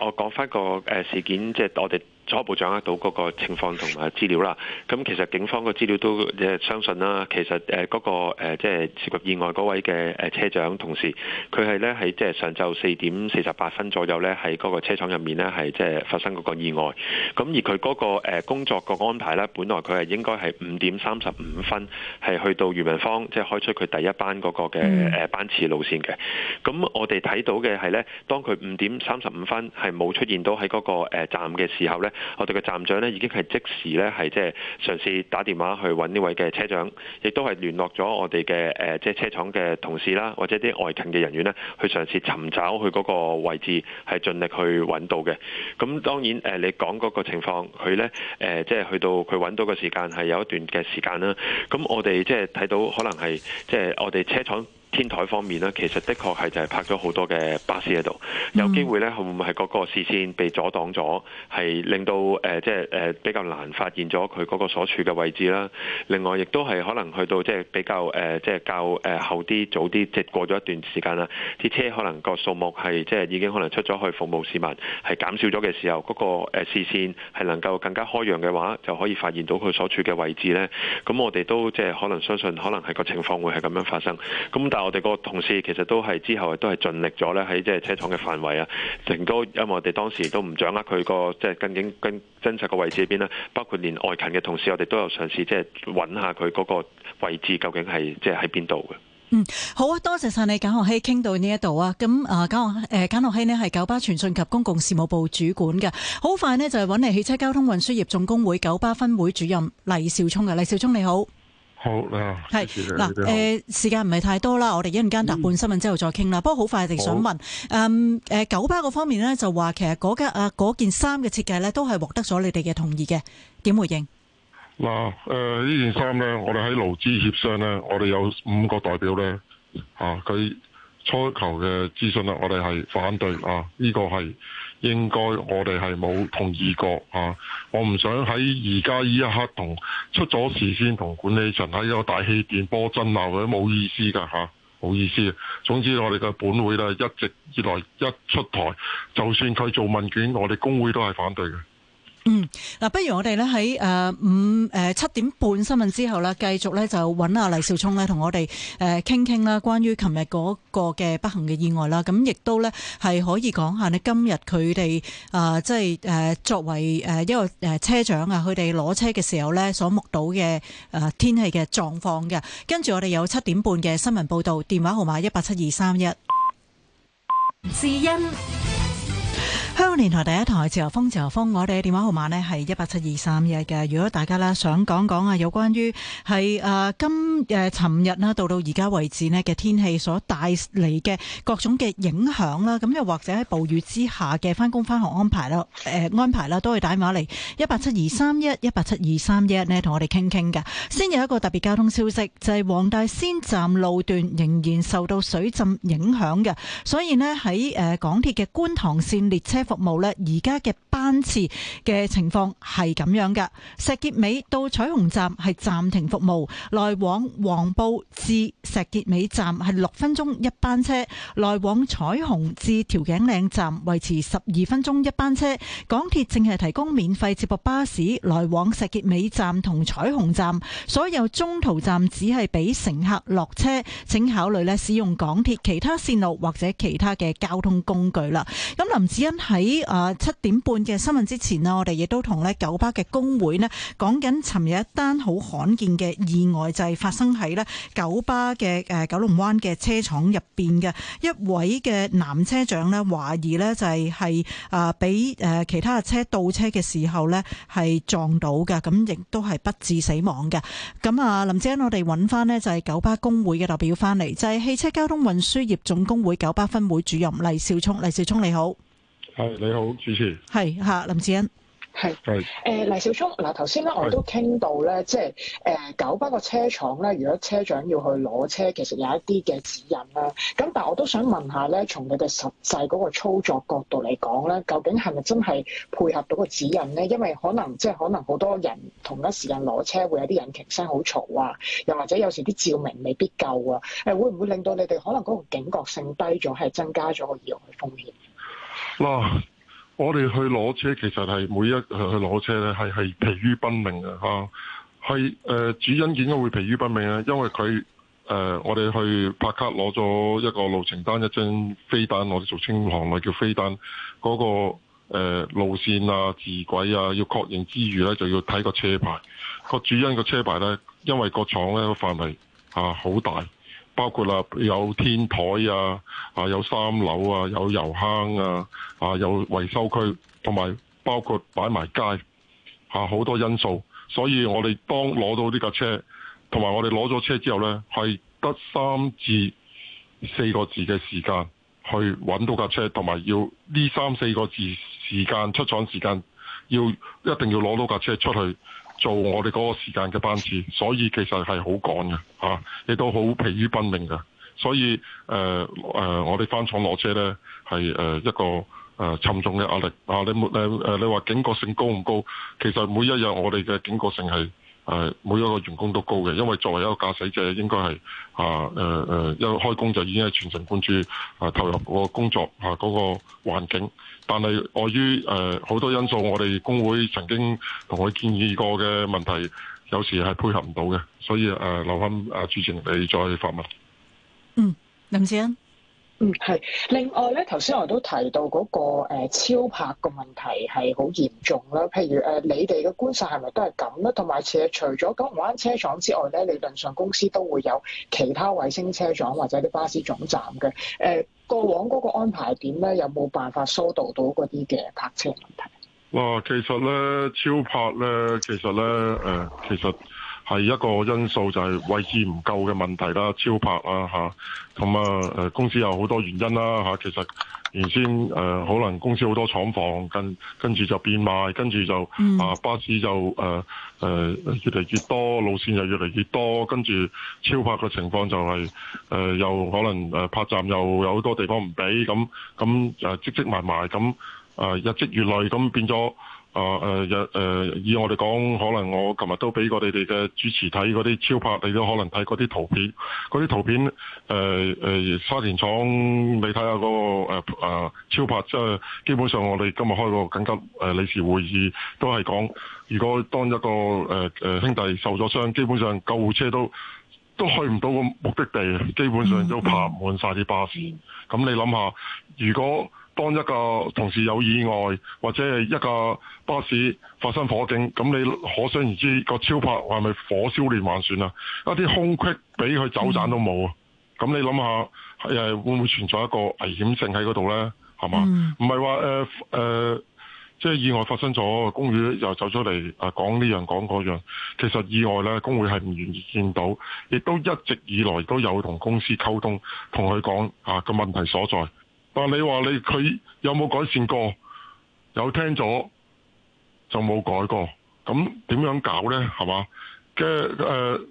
誒，我講翻個誒事件，即係我哋。初步掌握到嗰個情況同埋資料啦。咁其實警方嘅資料都相信啦。其實誒嗰個誒即係涉及意外嗰位嘅誒車長同事，佢係咧喺即係上晝四點四十八分左右咧喺嗰個車廠入面咧係即係發生嗰個意外。咁而佢嗰個工作個安排咧，本來佢係應該係五點三十五分係去到裕民坊，即係開出佢第一班嗰個嘅誒班次路線嘅。咁我哋睇到嘅係咧，當佢五點三十五分係冇出現到喺嗰個站嘅時候咧。我哋嘅站長呢，已經係即時呢，係即係嘗試打電話去揾呢位嘅車長，亦都係聯絡咗我哋嘅呃即係車廠嘅同事啦，或者啲外勤嘅人員呢，去嘗試尋找佢嗰個位置，係盡力去揾到嘅。咁當然呃你講嗰個情況，佢呢，呃、即係去到佢揾到嘅時間係有一段嘅時間啦。咁我哋即係睇到可能係即係我哋車廠。天台方面咧，其實的確係就係拍咗好多嘅巴士喺度，有機會呢，會唔會係嗰個視線被阻擋咗，係令到誒即係誒比較難發現咗佢嗰個所處嘅位置啦。另外，亦都係可能去到即係比較誒即係較誒後啲、早啲，即係過咗一段時間啦。啲車可能個數目係即係已經可能出咗去服務市民，係減少咗嘅時候，嗰個誒視線係能夠更加開揚嘅話，就可以發現到佢所處嘅位置呢。咁我哋都即係可能相信，可能係個情況會係咁樣發生。咁但我哋個同事其實都係之後都係盡力咗咧，喺即係車廠嘅範圍啊，成哥，因為我哋當時都唔掌握佢個即係更緊更真實嘅位置喺邊啦，包括連外勤嘅同事，我哋都有嘗試即係揾下佢嗰個位置究竟係即係喺邊度嘅。嗯，好啊，多謝晒你簡學悕，傾到呢一度啊。咁、嗯、啊，簡學誒，簡學悕呢，係九巴傳訊及公共事務部主管嘅。好快呢，就係揾嚟汽車交通運輸業總工會九巴分會主任黎兆聰嘅。黎兆聰你好。好啦，係嗱，誒是、呃，時間唔係太多啦，我哋一陣間答半新聞之後再傾啦。嗯、不過好快，我哋想問，誒好，誒、嗯，九巴嗰方面咧就話，其實嗰間啊嗰件衫嘅設計咧，都係獲得咗你哋嘅同意嘅，點回應？嗱，誒、呃，件呢件衫咧，我哋喺勞資協商咧，我哋有五個代表咧，啊，佢初頭嘅諮詢咧，我哋係反對啊，呢、呢個係。應該我哋係冇同意過嚇，我唔想喺而家呢一刻同出咗事先同管理層喺個大氣電波爭鬧嘅，冇意思噶嚇，啊，冇意思。總之我哋嘅本會咧，一直以來一出台，就算佢做問卷，我哋工會都係反對嘅。嗯，嗱，不如我哋咧喺誒五誒七點半新聞之後啦，繼續咧就揾阿黎兆聰咧同我哋誒傾傾啦，關於琴日嗰個嘅不幸嘅意外啦，咁亦都咧係可以講下咧今日佢哋啊即係誒作為誒一個誒車長啊，佢哋攞車嘅時候咧所目睹嘅誒天氣嘅狀況嘅，跟住我哋有七點半嘅新聞報道，電話號碼一八七二三一，志恩。香港電台第一台自由風，自由風，我哋嘅電話號碼呢，係一八七二三一嘅。如果大家呢，想講講啊，有關於係誒今誒尋日啦，呃、到到而家為止呢嘅天氣所帶嚟嘅各種嘅影響啦，咁又或者喺暴雨之下嘅翻工翻學安排啦，誒、呃、安排啦，都可以打電話嚟一八七二三一一八七二三一呢，同我哋傾傾嘅。先有一個特別交通消息，就係、是、黃大仙站路段仍然受到水浸影響嘅，所以呢，喺誒港鐵嘅觀塘綫列車。服務呢，而家嘅班次嘅情況係咁樣嘅。石硖尾到彩虹站係暫停服務，來往黃埔至石硖尾站係六分鐘一班車，來往彩虹至調景嶺站維持十二分鐘一班車。港鐵淨係提供免費接駁巴士來往石硖尾站同彩虹站，所有中途站只係俾乘客落車，請考慮使用港鐵其他線路或者其他嘅交通工具啦。咁林子欣。喺啊七點半嘅新聞之前啦，我哋亦都同咧九巴嘅工會咧講緊，尋日一單好罕見嘅意外就係發生喺咧九巴嘅誒九龍灣嘅車廠入邊嘅一位嘅男車長咧，懷疑咧就係係啊俾誒其他嘅車倒車嘅時候咧係撞到嘅，咁亦都係不治死亡嘅。咁啊，林姐，我哋揾翻咧就係九巴工會嘅代表翻嚟，就係汽車交通運輸業總工會九巴分會主任黎兆聰，黎兆聰你好。係，你好，主持。係嚇，林振昇。係。係、呃。誒黎兆聰，嗱頭先咧，我都傾到咧，是即係誒、呃、九巴個車廠咧，如果車長要去攞車，其實有一啲嘅指引啦、啊。咁但係我都想問一下咧，從你哋實際嗰個操作角度嚟講咧，究竟係咪真係配合到個指引咧？因為可能即係可能好多人同一時間攞車，會有啲引擎聲好嘈啊，又或者有時啲照明未必夠啊。誒，會唔會令到你哋可能嗰個警覺性低咗，係增加咗個意外風險？嗱、啊，我哋去攞車其實係每一日去攞車咧，係係疲於奔命嘅吓，係誒、呃、主因點解會疲於奔命咧？因為佢誒、呃、我哋去拍卡攞咗一個路程單，一張飛單，我哋做清行咪叫飛單。嗰、那個誒、呃、路綫啊、字軌啊，要確認之餘咧，就要睇個車牌。個主因個車牌咧，因為個廠咧範圍吓、啊、好大。包括啦，有天台啊，啊有三樓啊，有油坑啊，啊有維修區，同埋包括擺埋街，啊好多因素，所以我哋當攞到呢架車，同埋我哋攞咗車之後咧，係得三至四個字嘅時間去揾到架車，同埋要呢三四個字時間出廠時間，要一定要攞到架車出去。做我哋嗰個時間嘅班次，所以其實係好趕嘅，嚇亦都好疲於奔命嘅。所以誒誒、呃呃，我哋翻廠攞車呢，係誒一個誒、呃、沉重嘅壓力。啊你冇你話警覺性高唔高？其實每一日我哋嘅警覺性係誒、呃、每一個員工都高嘅，因為作為一個駕駛者，應該係嚇誒誒一開工就已經係全神貫注啊投入個工作嚇嗰、啊嗰個環境。但係，礙於誒好、呃、多因素，我哋工會曾經同佢建議過嘅問題，有時係配合唔到嘅，所以誒、呃，留返啊、啊、主席，你再發問。嗯，林振昇，嗯，係。另外咧，頭先我都提到嗰、那個、呃、超泊嘅問題係好嚴重啦。譬如誒、呃，你哋嘅觀察係咪都係咁咧？同埋，且除咗九龍灣車廠之外咧，理論上公司都會有其他衞星車廠或者啲巴士總站嘅誒。呃過往嗰個安排點咧，有冇辦法疏導到嗰啲嘅泊車問題？哇，其實咧超泊咧，其實咧誒，其實係一個因素就係位置唔夠嘅問題啦，超泊啦，嚇、啊，咁啊誒公司有好多原因啦嚇、啊，其實。原先誒、呃、可能公司好多廠房跟跟住就變賣，跟住就啊、呃、巴士就誒、呃呃、越嚟越多，路線又越嚟越多，跟住超泊嘅情況就係、是、誒、呃、又可能誒泊、呃、站又有好多地方唔俾咁咁誒積積埋埋咁誒、啊、日積月累咁變咗。啊誒，又、啊、誒，以我哋講，可能我琴日都俾過你哋嘅主持睇嗰啲超拍，你都可能睇嗰啲圖片，嗰啲圖片誒誒、啊啊，沙田廠你睇下嗰個誒啊，啊超拍，即、啊、係基本上我哋今日開個緊急誒理事會議，都係講，如果當一個誒誒、啊啊、兄弟受咗傷，基本上救護車都都去唔到個目的地，基本上都爬滿晒啲巴士，咁、嗯嗯、你諗下，如果當一個同事有意外，或者係一個巴士發生火警，咁你可想而知個超泊係咪火燒連環船啊？一啲空隙俾佢走盞都冇，咁、嗯、你諗下，係會唔會存在一個危險性喺嗰度呢？係嘛？唔係話誒誒，即係意外發生咗，工會又走出嚟誒講呢樣講嗰樣。其實意外咧，工會係唔願意見到，亦都一直以來都有同公司溝通，同佢講啊個問題所在。但你話你佢有冇改善過？有聽咗就冇改過，咁點樣搞呢？係嘛嘅，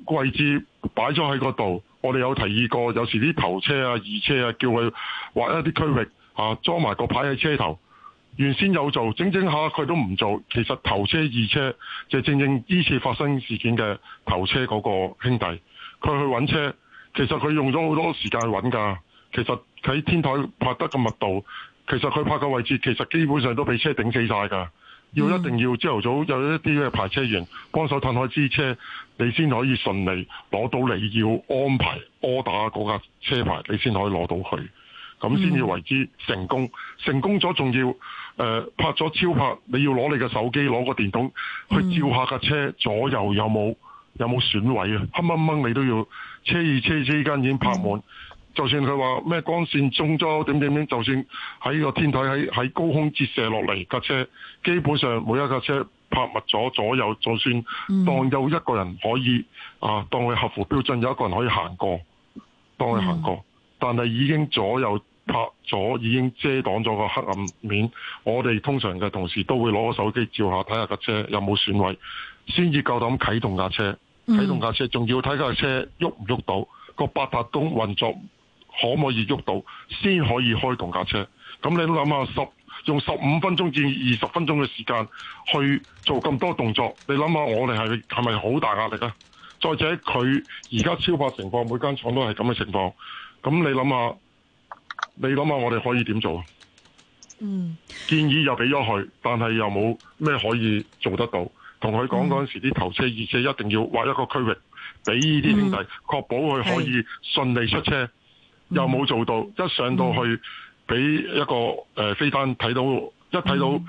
誒，位置擺咗喺嗰度，我哋有提議過，有時啲頭車啊、二車啊，叫佢劃一啲區域啊，裝埋個牌喺車頭。原先有做，整整下佢都唔做。其實頭車、二車就是，正正呢次發生事件嘅頭車嗰個兄弟，佢去搵車，其實佢用咗好多時間去揾㗎。其實，喺天台拍得咁密度，其實佢拍嘅位置其實基本上都俾車頂死晒噶。要一定要朝頭早有一啲嘅排車員、嗯、幫手褪開支車，你先可以順利攞到你要安排柯打嗰架車牌，你先可以攞到佢，咁先至為之成功。成功咗仲要誒、呃、拍咗超拍，你要攞你嘅手機攞個電筒去照下架車左右有冇有冇損位啊？黑掹掹你都要車與車之間已經拍滿。嗯就算佢話咩光線中咗點點點，就算喺個天台喺喺高空折射落嚟架車，基本上每一架車拍密咗左，左右，就算當有一個人可以、嗯、啊，當佢合乎標準，有一個人可以行過，當佢行過，嗯、但係已經左右拍咗，已經遮擋咗個黑暗面。我哋通常嘅同事都會攞個手機照下睇下架車有冇損位。先至夠膽咁啟動架車，啟動架車，仲要睇架車喐唔喐到個八達通運作。可唔可以喐到先可以開動架車？咁你都諗下，十用十五分鐘至二十分鐘嘅時間去做咁多動作，你諗下我哋係係咪好大壓力啊？再者，佢而家超發情況，每間廠都係咁嘅情況。咁你諗下，你諗下我哋可以點做啊？嗯，建議又俾咗佢，但係又冇咩可以做得到。同佢講嗰陣時，啲頭車、二車一定要劃一個區域，俾呢啲兄弟，嗯、確保佢可以順利出車。又冇做到，一上到去俾、嗯、一個誒、呃、飛單睇到，一睇到、嗯、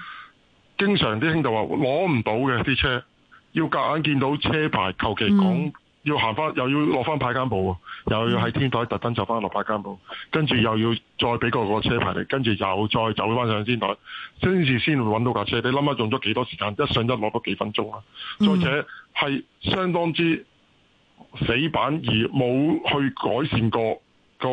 經常啲兄弟話攞唔到嘅啲車，要夾硬見到車牌，求其講要行翻又要落翻派間步，又要喺天台特登就翻落派間部，嗯、跟住又要再俾個個車牌嚟，跟住又再走翻上天台，先至先搵到架車。你諗下用咗幾多時間？一上一攞都幾分鐘啦。嗯、再者係相當之死板，而冇去改善過。個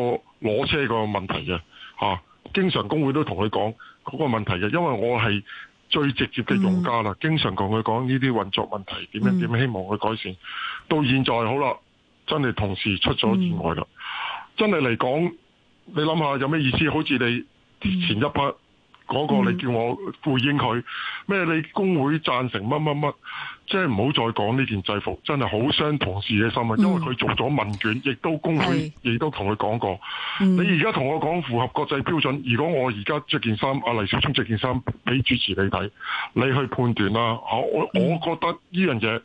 攞車個問題嘅吓、啊，經常工會都同佢講嗰個問題嘅，因為我係最直接嘅用家啦，嗯、經常同佢講呢啲運作問題，點樣點、嗯、希望佢改善。到現在好啦，真係同事出咗意外啦，嗯、真係嚟講，你諗下有咩意思？好似你前一 part。嗯嗰個你叫我回應佢咩？嗯、你工會贊成乜乜乜？即係唔好再講呢件制服，真係好傷同事嘅心啊！因為佢做咗問卷，亦都公開，亦、嗯、都同佢講過。嗯、你而家同我講符合國際標準。如果我而家着件衫，阿黎小聰着件衫俾主持你睇，你去判斷啦。我我，嗯、我覺得呢樣嘢，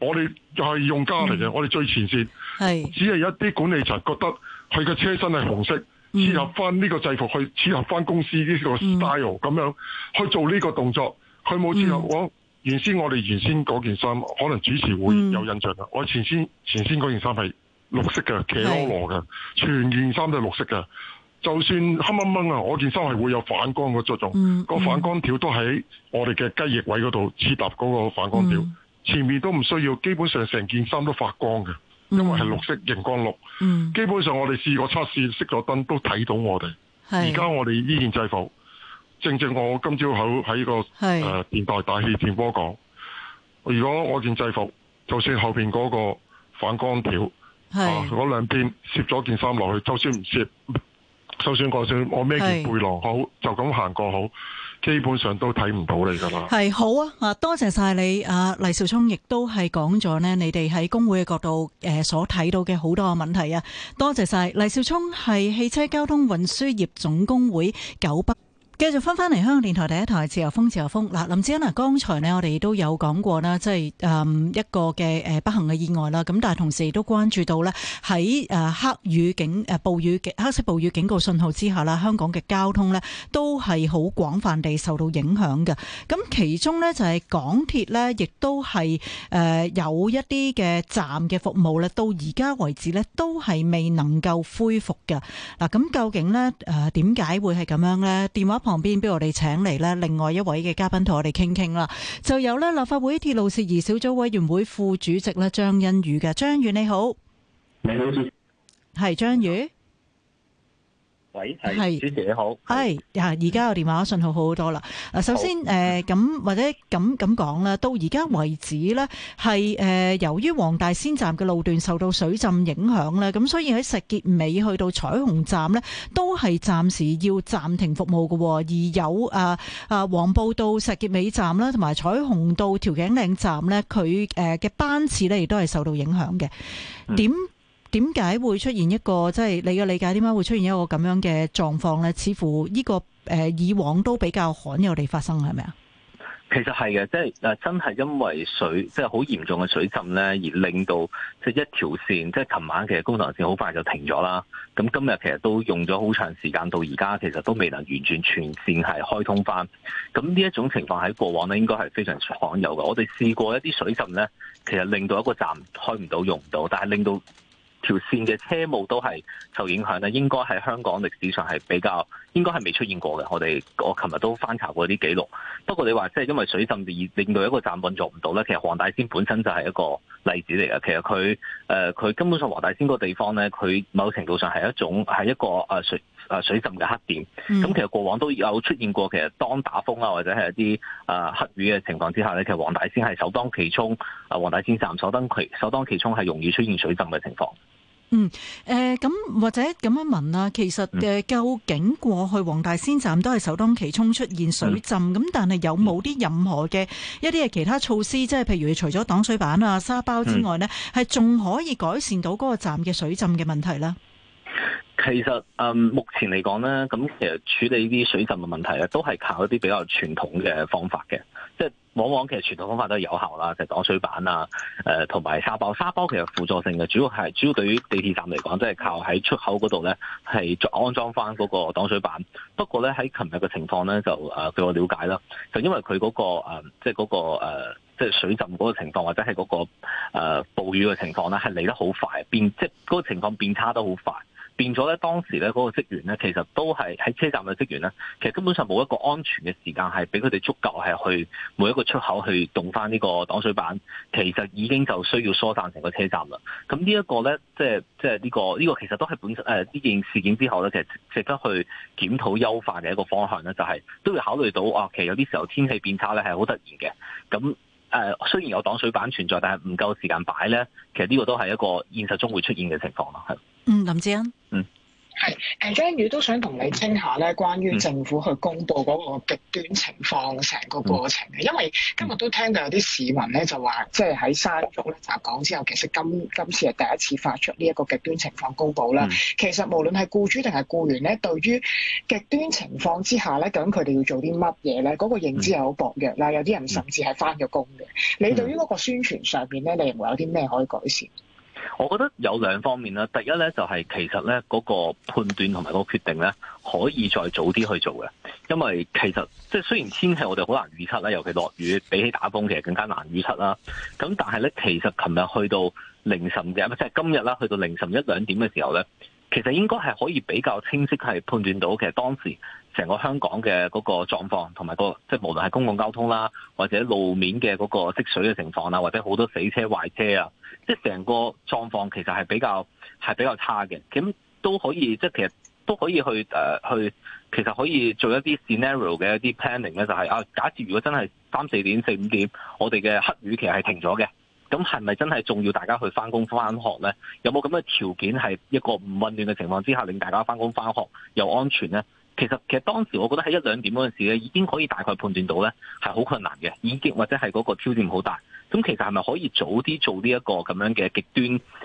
我哋係用家嚟嘅，嗯、我哋最前線，嗯、只係一啲管理層覺得佢嘅車身係紅色。切合翻呢個制服去，切合翻公司呢個 style 咁、嗯、樣去做呢個動作。佢冇切合我、嗯哦、原先我哋原先嗰件衫，可能主持會有印象噶。嗯、我前先前先嗰件衫係綠色嘅茄克羅嘅，嗯、全件衫都係綠色嘅。嗯、就算黑掹掹啊，我件衫係會有反光嘅作用，嗯嗯、反條個反光條都喺我哋嘅雞翼位嗰度，切合嗰個反光條，前面都唔需要，基本上成件衫都發光嘅。因為係綠色熒光綠，嗯、基本上我哋試過測試，熄咗燈都睇到我哋。而家是我哋呢件制服，正正我今朝喺喺個誒是、呃、電台大氣電波講，如果我件制服就算後邊嗰個反光條，嗰兩邊攝咗件衫落去，就算唔攝，就算我孭是我孭背，背囊好，就咁行過好。基本上都睇唔到你噶嘛，係好啊！啊，多謝晒你啊，黎兆聰亦都係講咗呢。你哋喺工會嘅角度誒所睇到嘅好多嘅問題啊！多謝晒黎兆聰係汽車交通運輸業總工會九巴。繼續翻翻嚟香港電台第一台《自由風》，自由風嗱，林志恩啊，剛才呢我哋都有講過啦，即係誒一個嘅，誒不幸嘅意外啦。咁但係同時亦都關注到呢，喺誒黑雨警誒暴雨黑色暴雨警告信號之下啦，香港嘅交通呢都係好廣泛地受到影響嘅。咁其中呢，就係港鐵呢，亦都係誒有一啲嘅站嘅服務呢，到而家為止呢都係未能夠恢復嘅。嗱，咁究竟呢，誒點解會係咁樣呢？電話。旁邊俾我哋請嚟咧，另外一位嘅嘉賓同我哋傾傾啦，就有咧立法會鐵路事宜小組委員會副主席咧張欣宇嘅張宇你好，你好，係張宇。喂，係是，是主持人你好，係啊是，而家個電話信號好好多啦。嗱，首先誒，咁好、呃、或者咁咁講啦，到而家為止呢係誒，由於黃大仙站嘅路段受到水浸影響咧，咁所以喺石硤尾去到彩虹站呢都係暫時要暫停服務噶，而有啊啊黃埔到石硤尾站咧，同埋彩虹到調景嶺站呢佢誒嘅班次呢亦都係受到影響嘅，點、嗯？點解會出現一個即係、就是，你嘅理解？點解會出現一個咁樣嘅狀況呢？似乎呢個誒以往都比較罕有地發生，係咪啊？其實係嘅，即、就、係、是、真係因為水即係好嚴重嘅水浸呢，而令到即係一條線，即係琴晚其實觀塘綫好快就停咗啦。咁今日其實都用咗好長時間，到而家其實都未能完全全線係開通翻。咁呢一種情況喺過往呢應該係非常罕有嘅。我哋試過一啲水浸呢，其實令到一個站開唔到、用唔到，但係令到。條線嘅車務都係受影響咧，應該喺香港歷史上係比較應該係未出現過嘅。我哋我琴日都翻查過啲記錄。不過你話即係因為水浸而令到一個站運作唔到咧，其實黃大仙本身就係一個例子嚟嘅。其實佢誒佢根本上黃大仙個地方咧，佢某程度上係一種係一個誒水誒水浸嘅黑點。咁、mm. 其實過往都有出現過，其實當打風啊或者係一啲誒黑雨嘅情況之下咧，其實黃大仙係首當其衝。誒黃大仙站首登其首當其衝係容易出現水浸嘅情況。嗯，誒、呃，咁或者咁樣問啊，其實誒，嗯、究竟過去黃大仙站都係首當其衝出現水浸，咁、嗯、但係有冇啲任何嘅一啲嘅其他措施，即係譬如除咗擋水板啊、沙包之外咧，係仲、嗯、可以改善到嗰個站嘅水浸嘅問題咧？其實誒、嗯，目前嚟講咧，咁其實處理呢啲水浸嘅問題咧，都係靠一啲比較傳統嘅方法嘅，即係。往往其實傳統方法都係有效啦，就係擋水板啊，誒同埋沙包。沙包其實是輔助性嘅，主要係主要對於地鐵站嚟講，都、就、係、是、靠喺出口嗰度咧係安裝翻嗰個擋水板。不過咧喺琴日嘅情況咧就誒據我了解啦，就因為佢嗰、那個即係嗰個即係、嗯就是、水浸嗰個情況或者係嗰、那個暴、呃、雨嘅情況咧係嚟得好快，變即係嗰個情況變差得好快。變咗咧，當時咧嗰個職員咧，其實都係喺車站嘅職員咧，其實根本上冇一個安全嘅時間係俾佢哋足夠係去每一個出口去動翻呢個擋水板，其實已經就需要疏散成個車站啦。咁呢一個咧，即係即係呢個呢個其實都係本身呃呢件事件之後咧，其實值得去檢討優化嘅一個方向咧，就係都會考慮到啊，其實有啲時候天氣變差咧係好突然嘅，咁。誒，雖然有擋水板存在，但係唔夠時間擺咧，其實呢個都係一個現實中會出現嘅情況咯，係。嗯，林振昇，嗯。係，誒張宇都想同你傾下咧，關於政府去公布嗰個極端情況成個過程嘅。嗯、因為今日都聽到有啲市民咧就話，即係喺山竹咧就講之後，其實今今次係第一次發出呢一個極端情況公布啦。嗯、其實無論係僱主定係僱員咧，對於極端情況之下咧，咁佢哋要做啲乜嘢咧？嗰、嗰個認知係好薄弱啦，有啲人甚至係翻咗工嘅。你對於嗰個宣傳上面咧，你認為有啲咩可以改善？我覺得有兩方面啦，第一咧就係其實咧嗰個判斷同埋個決定咧，可以再早啲去做嘅，因為其實即係雖然天氣我哋好難預測啦，尤其落雨比起打風其實更加難預測啦。咁但係咧，其實琴日去到凌晨嘅，即係今日啦，去到凌晨一兩點嘅時候咧，其實應該係可以比較清晰係判斷到其實當時成個香港嘅嗰個狀況同埋個即係無論係公共交通啦，或者路面嘅嗰個積水嘅情況啦，或者好多死車壞車啊。即係成個狀況其實係比較係比較差嘅，咁都可以即係其實都可以去誒去，其實可以做一啲 scenario 嘅一啲 planning 咧，就係啊，假設如果真係三四點、四五點，我哋嘅黑雨其實係停咗嘅，咁係咪真係仲要大家去翻工翻學咧？有冇咁嘅條件係一個唔混亂嘅情況之下，令大家翻工翻學又安全咧？其實其實當時我覺得喺一兩點嗰陣時咧，已經可以大概判斷到咧係好困難嘅，已經或者係嗰個挑戰好大。咁其實係咪可以早啲做呢一個咁樣嘅極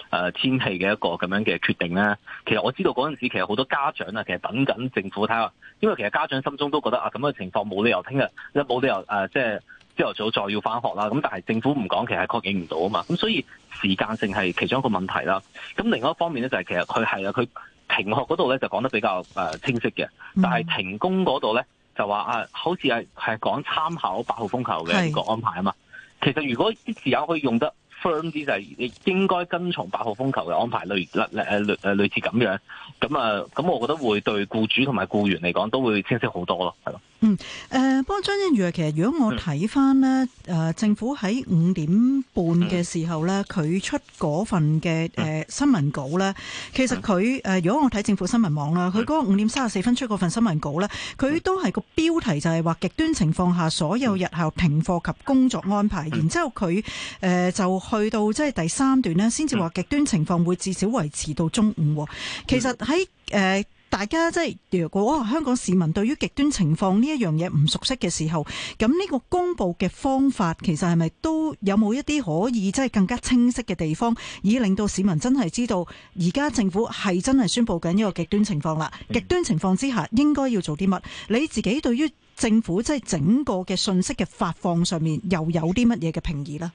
端誒天氣嘅一個咁樣嘅決定咧？其實我知道嗰陣時其實好多家長啊，其實等緊政府睇下，因為其實家長心中都覺得啊，咁嘅情況冇理由聽日一冇理由誒、啊，即係朝頭早再要翻學啦。咁但係政府唔講，其實係確認唔到啊嘛。咁所以時間性係其中一個問題啦。咁另外一方面咧，就係、是、其實佢係啊，佢停學嗰度咧就講得比較誒清晰嘅，但係停工嗰度咧就話啊，好似係係講參考八號風球嘅個安排啊嘛。其實，如果啲字眼可以用得 firm 啲，就係、是、你應該跟從八號風球嘅安排，類類類似咁樣。咁啊，咁我覺得會對僱主同埋僱員嚟講，都會清晰好多咯，係咯。嗯，誒、呃，不過張欣宇啊，其實如果我睇翻咧，誒、嗯呃，政府喺五點半嘅時候咧，佢出嗰份嘅誒、呃、新聞稿咧，其實佢誒、呃，如果我睇政府新聞網啦，佢嗰個五點三十四分出嗰份新聞稿咧，佢都係個標題就係話極端情況下所有日後停課及工作安排，嗯、然之後佢誒、呃、就去到即係第三段咧，先至話極端情況會至少維持到中午，哦。其實喺誒。呃大家即係如果、哦、香港市民對於極端情況呢一樣嘢唔熟悉嘅時候，咁呢個公布嘅方法其實，係咪都有冇一啲可以即係更加清晰嘅地方，以令到市民真係知道而家政府係真係宣布緊呢個極端情況啦。極端情況之下應該要做啲乜？你自己對於政府即係整個嘅信息嘅發放上面又有啲乜嘢嘅評議呢？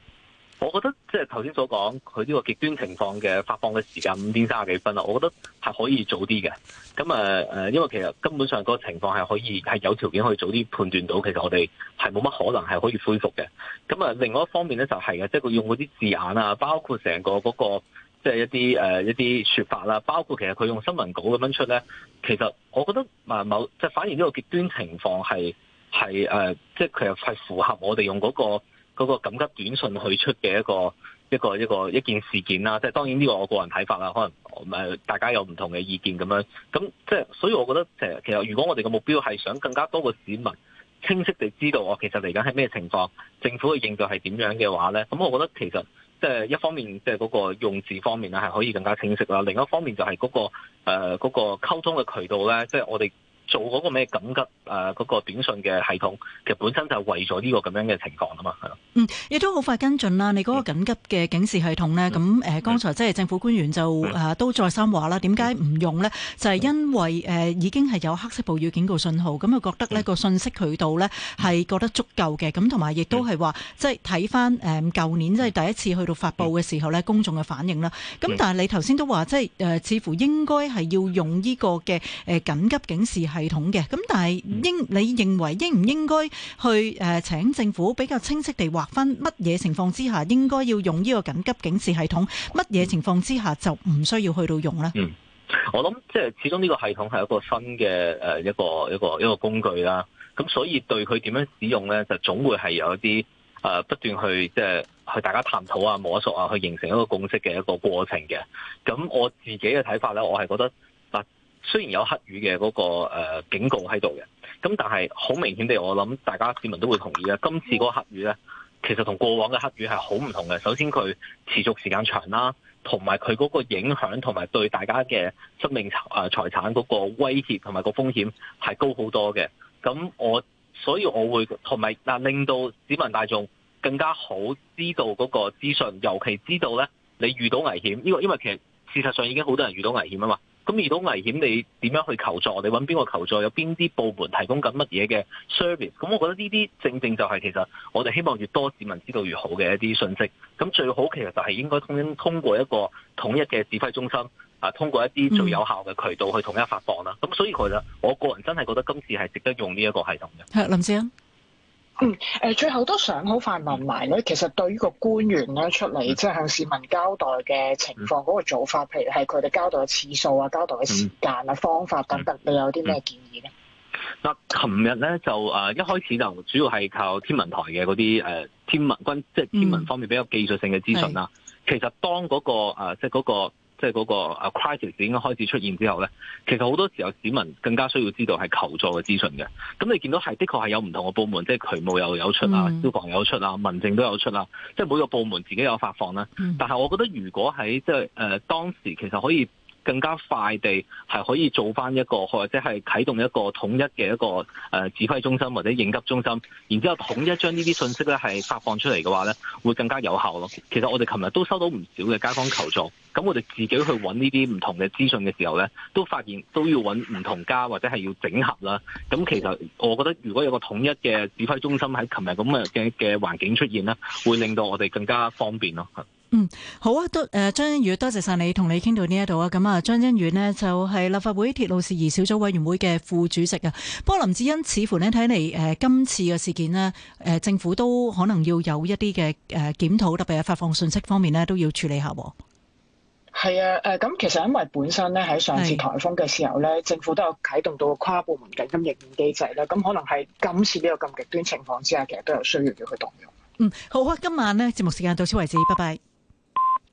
我覺得即係頭先所講，佢呢個極端情況嘅發放嘅時間五點三十幾分啦，我覺得係可以早啲嘅。咁啊誒，因為其實根本上嗰個情況係可以係有條件可以早啲判斷到，其實我哋係冇乜可能係可以恢復嘅。咁啊，另外一方面咧就係嘅，即係佢用嗰啲字眼啊，包括成個嗰個即係一啲誒一啲說法啦，包括其實佢用新聞稿咁樣出咧，其實我覺得某即係反而呢個極端情況係係誒，即係其實係符合我哋用嗰、嗰個。嗰個緊急短信去出嘅一個一個一個一件事件啦，即係當然呢個我個人睇法啦，可能誒大家有唔同嘅意見咁樣，咁即係所以我覺得誒其實如果我哋嘅目標係想更加多個市民清晰地知道我其實嚟緊係咩情況，政府嘅應對係點樣嘅話咧，咁我覺得其實即係、就是、一方面即係嗰個用字方面啦係可以更加清晰啦，另一方面就係嗰、那個誒嗰、呃那個、溝通嘅渠道咧，即、就、係、是、我哋。做嗰個咩緊急嗰、啊嗰個短信嘅系統，其實本身就係為咗呢個咁樣嘅情況啊嘛，係咯。嗯，亦都好快跟進啦。你嗰個緊急嘅警示系統呢？咁誒、嗯，嗯嗯、剛才即係政府官員就、嗯啊、都再三話啦，點解唔用呢？就係、係、因為、嗯嗯嗯、已經係有黑色暴雨警告信號，咁佢覺得呢、嗯、個信息渠道呢係覺得足夠嘅，咁同埋亦都係話即係睇翻誒舊年即係、即係、第一次去到發布嘅時候呢，嗯、公眾嘅反應啦。咁但係你頭先都話即係似乎應該係要用呢個嘅誒緊急警示。系統嘅，咁但係應你認為應唔應該去誒，請政府比較清晰地劃分乜嘢情況之下應該要用呢個緊急警示系統，乜嘢情況之下就唔需要去到用呢？嗯，我諗即係始終呢個系統係一個新嘅誒一個一個一個，一個工具啦，咁所以對佢點樣使用呢，就總會係有一啲誒、呃、不斷去即係、就是、去大家探討啊、摸索啊，去形成一個共識嘅一個過程嘅。咁我自己嘅睇法呢，我係覺得。雖然有黑雨嘅嗰個誒警告喺度嘅，咁但係好明顯地，我諗大家市民都會同意啦。今次嗰個黑雨咧，其實同過往嘅黑雨係好唔同嘅。首先佢持續時間長啦，同埋佢嗰個影響同埋對大家嘅生命啊、財產嗰個威脅同埋個風險係高好多嘅。咁我所以我會同埋嗱，令到市民大眾更加好知道嗰個資訊，尤其知道咧你遇到危險，呢個因為其實事實上已經好多人遇到危險啊嘛。咁遇到危險，你點樣去求助？你揾邊個求助？有邊啲部門提供緊乜嘢嘅 service？咁我覺得呢啲正正就係其實我哋希望越多市民知道越好嘅一啲信息。咁最好其實就係應該通通過一個統一嘅指揮中心啊，通過一啲最有效嘅渠道去統一發放啦。咁所以其實我個人真係覺得今次係值得用呢一個系統嘅。林嗯，誒最後都想好快問埋咧，其實對於個官員咧出嚟即係向市民交代嘅情況嗰個做法，譬如係佢哋交代嘅次數啊、交代嘅時間啊、嗯、方法等等，你有啲咩建議咧？嗱、嗯，琴、嗯嗯嗯嗯、日咧就誒一開始就主要係靠天文台嘅嗰啲誒天文軍，即、就、係、是、天文方面比較技術性嘅資訊啦。嗯、其實當嗰個誒即係嗰個。呃就是那個即係嗰個啊，crisis 已經開始出現之後咧，其實好多時候市民更加需要知道係求助嘅資訊嘅。咁你見到係的確係有唔同嘅部門，即係渠務又有，有出啊，mm. 消防有出啊，民政都有出啊，即係每個部門自己有發放啦。但係我覺得如果喺即係誒當時其實可以。更加快地，係可以做翻一個，或者係啟動一個統一嘅一個誒指揮中心或者應急中心，然之後統一將呢啲信息咧係發放出嚟嘅話咧，會更加有效咯。其實我哋琴日都收到唔少嘅街坊求助，咁我哋自己去揾呢啲唔同嘅資訊嘅時候咧，都發現都要揾唔同家或者係要整合啦。咁其實我覺得如果有個統一嘅指揮中心喺琴日咁嘅嘅環境出現咧，會令到我哋更加方便咯。嗯，好啊，多誒張欣宇，多謝晒你同你傾到呢一度啊。咁啊，張欣宇呢，就係立法會鐵路事宜小組委員會嘅副主席啊。不過林志恩似乎呢，睇嚟，誒今次嘅事件呢，誒政府都可能要有一啲嘅誒檢討，特別係發放信息方面呢，都要處理一下。係啊，誒咁其實因為本身呢，喺上次台風嘅時候呢，是政府都有啟動到跨部門緊急應變機制啦。咁可能係今次呢個咁極端情況之下，其實都有需要叫佢動用。嗯，好啊，今晚呢，節目時間到此為止，拜拜。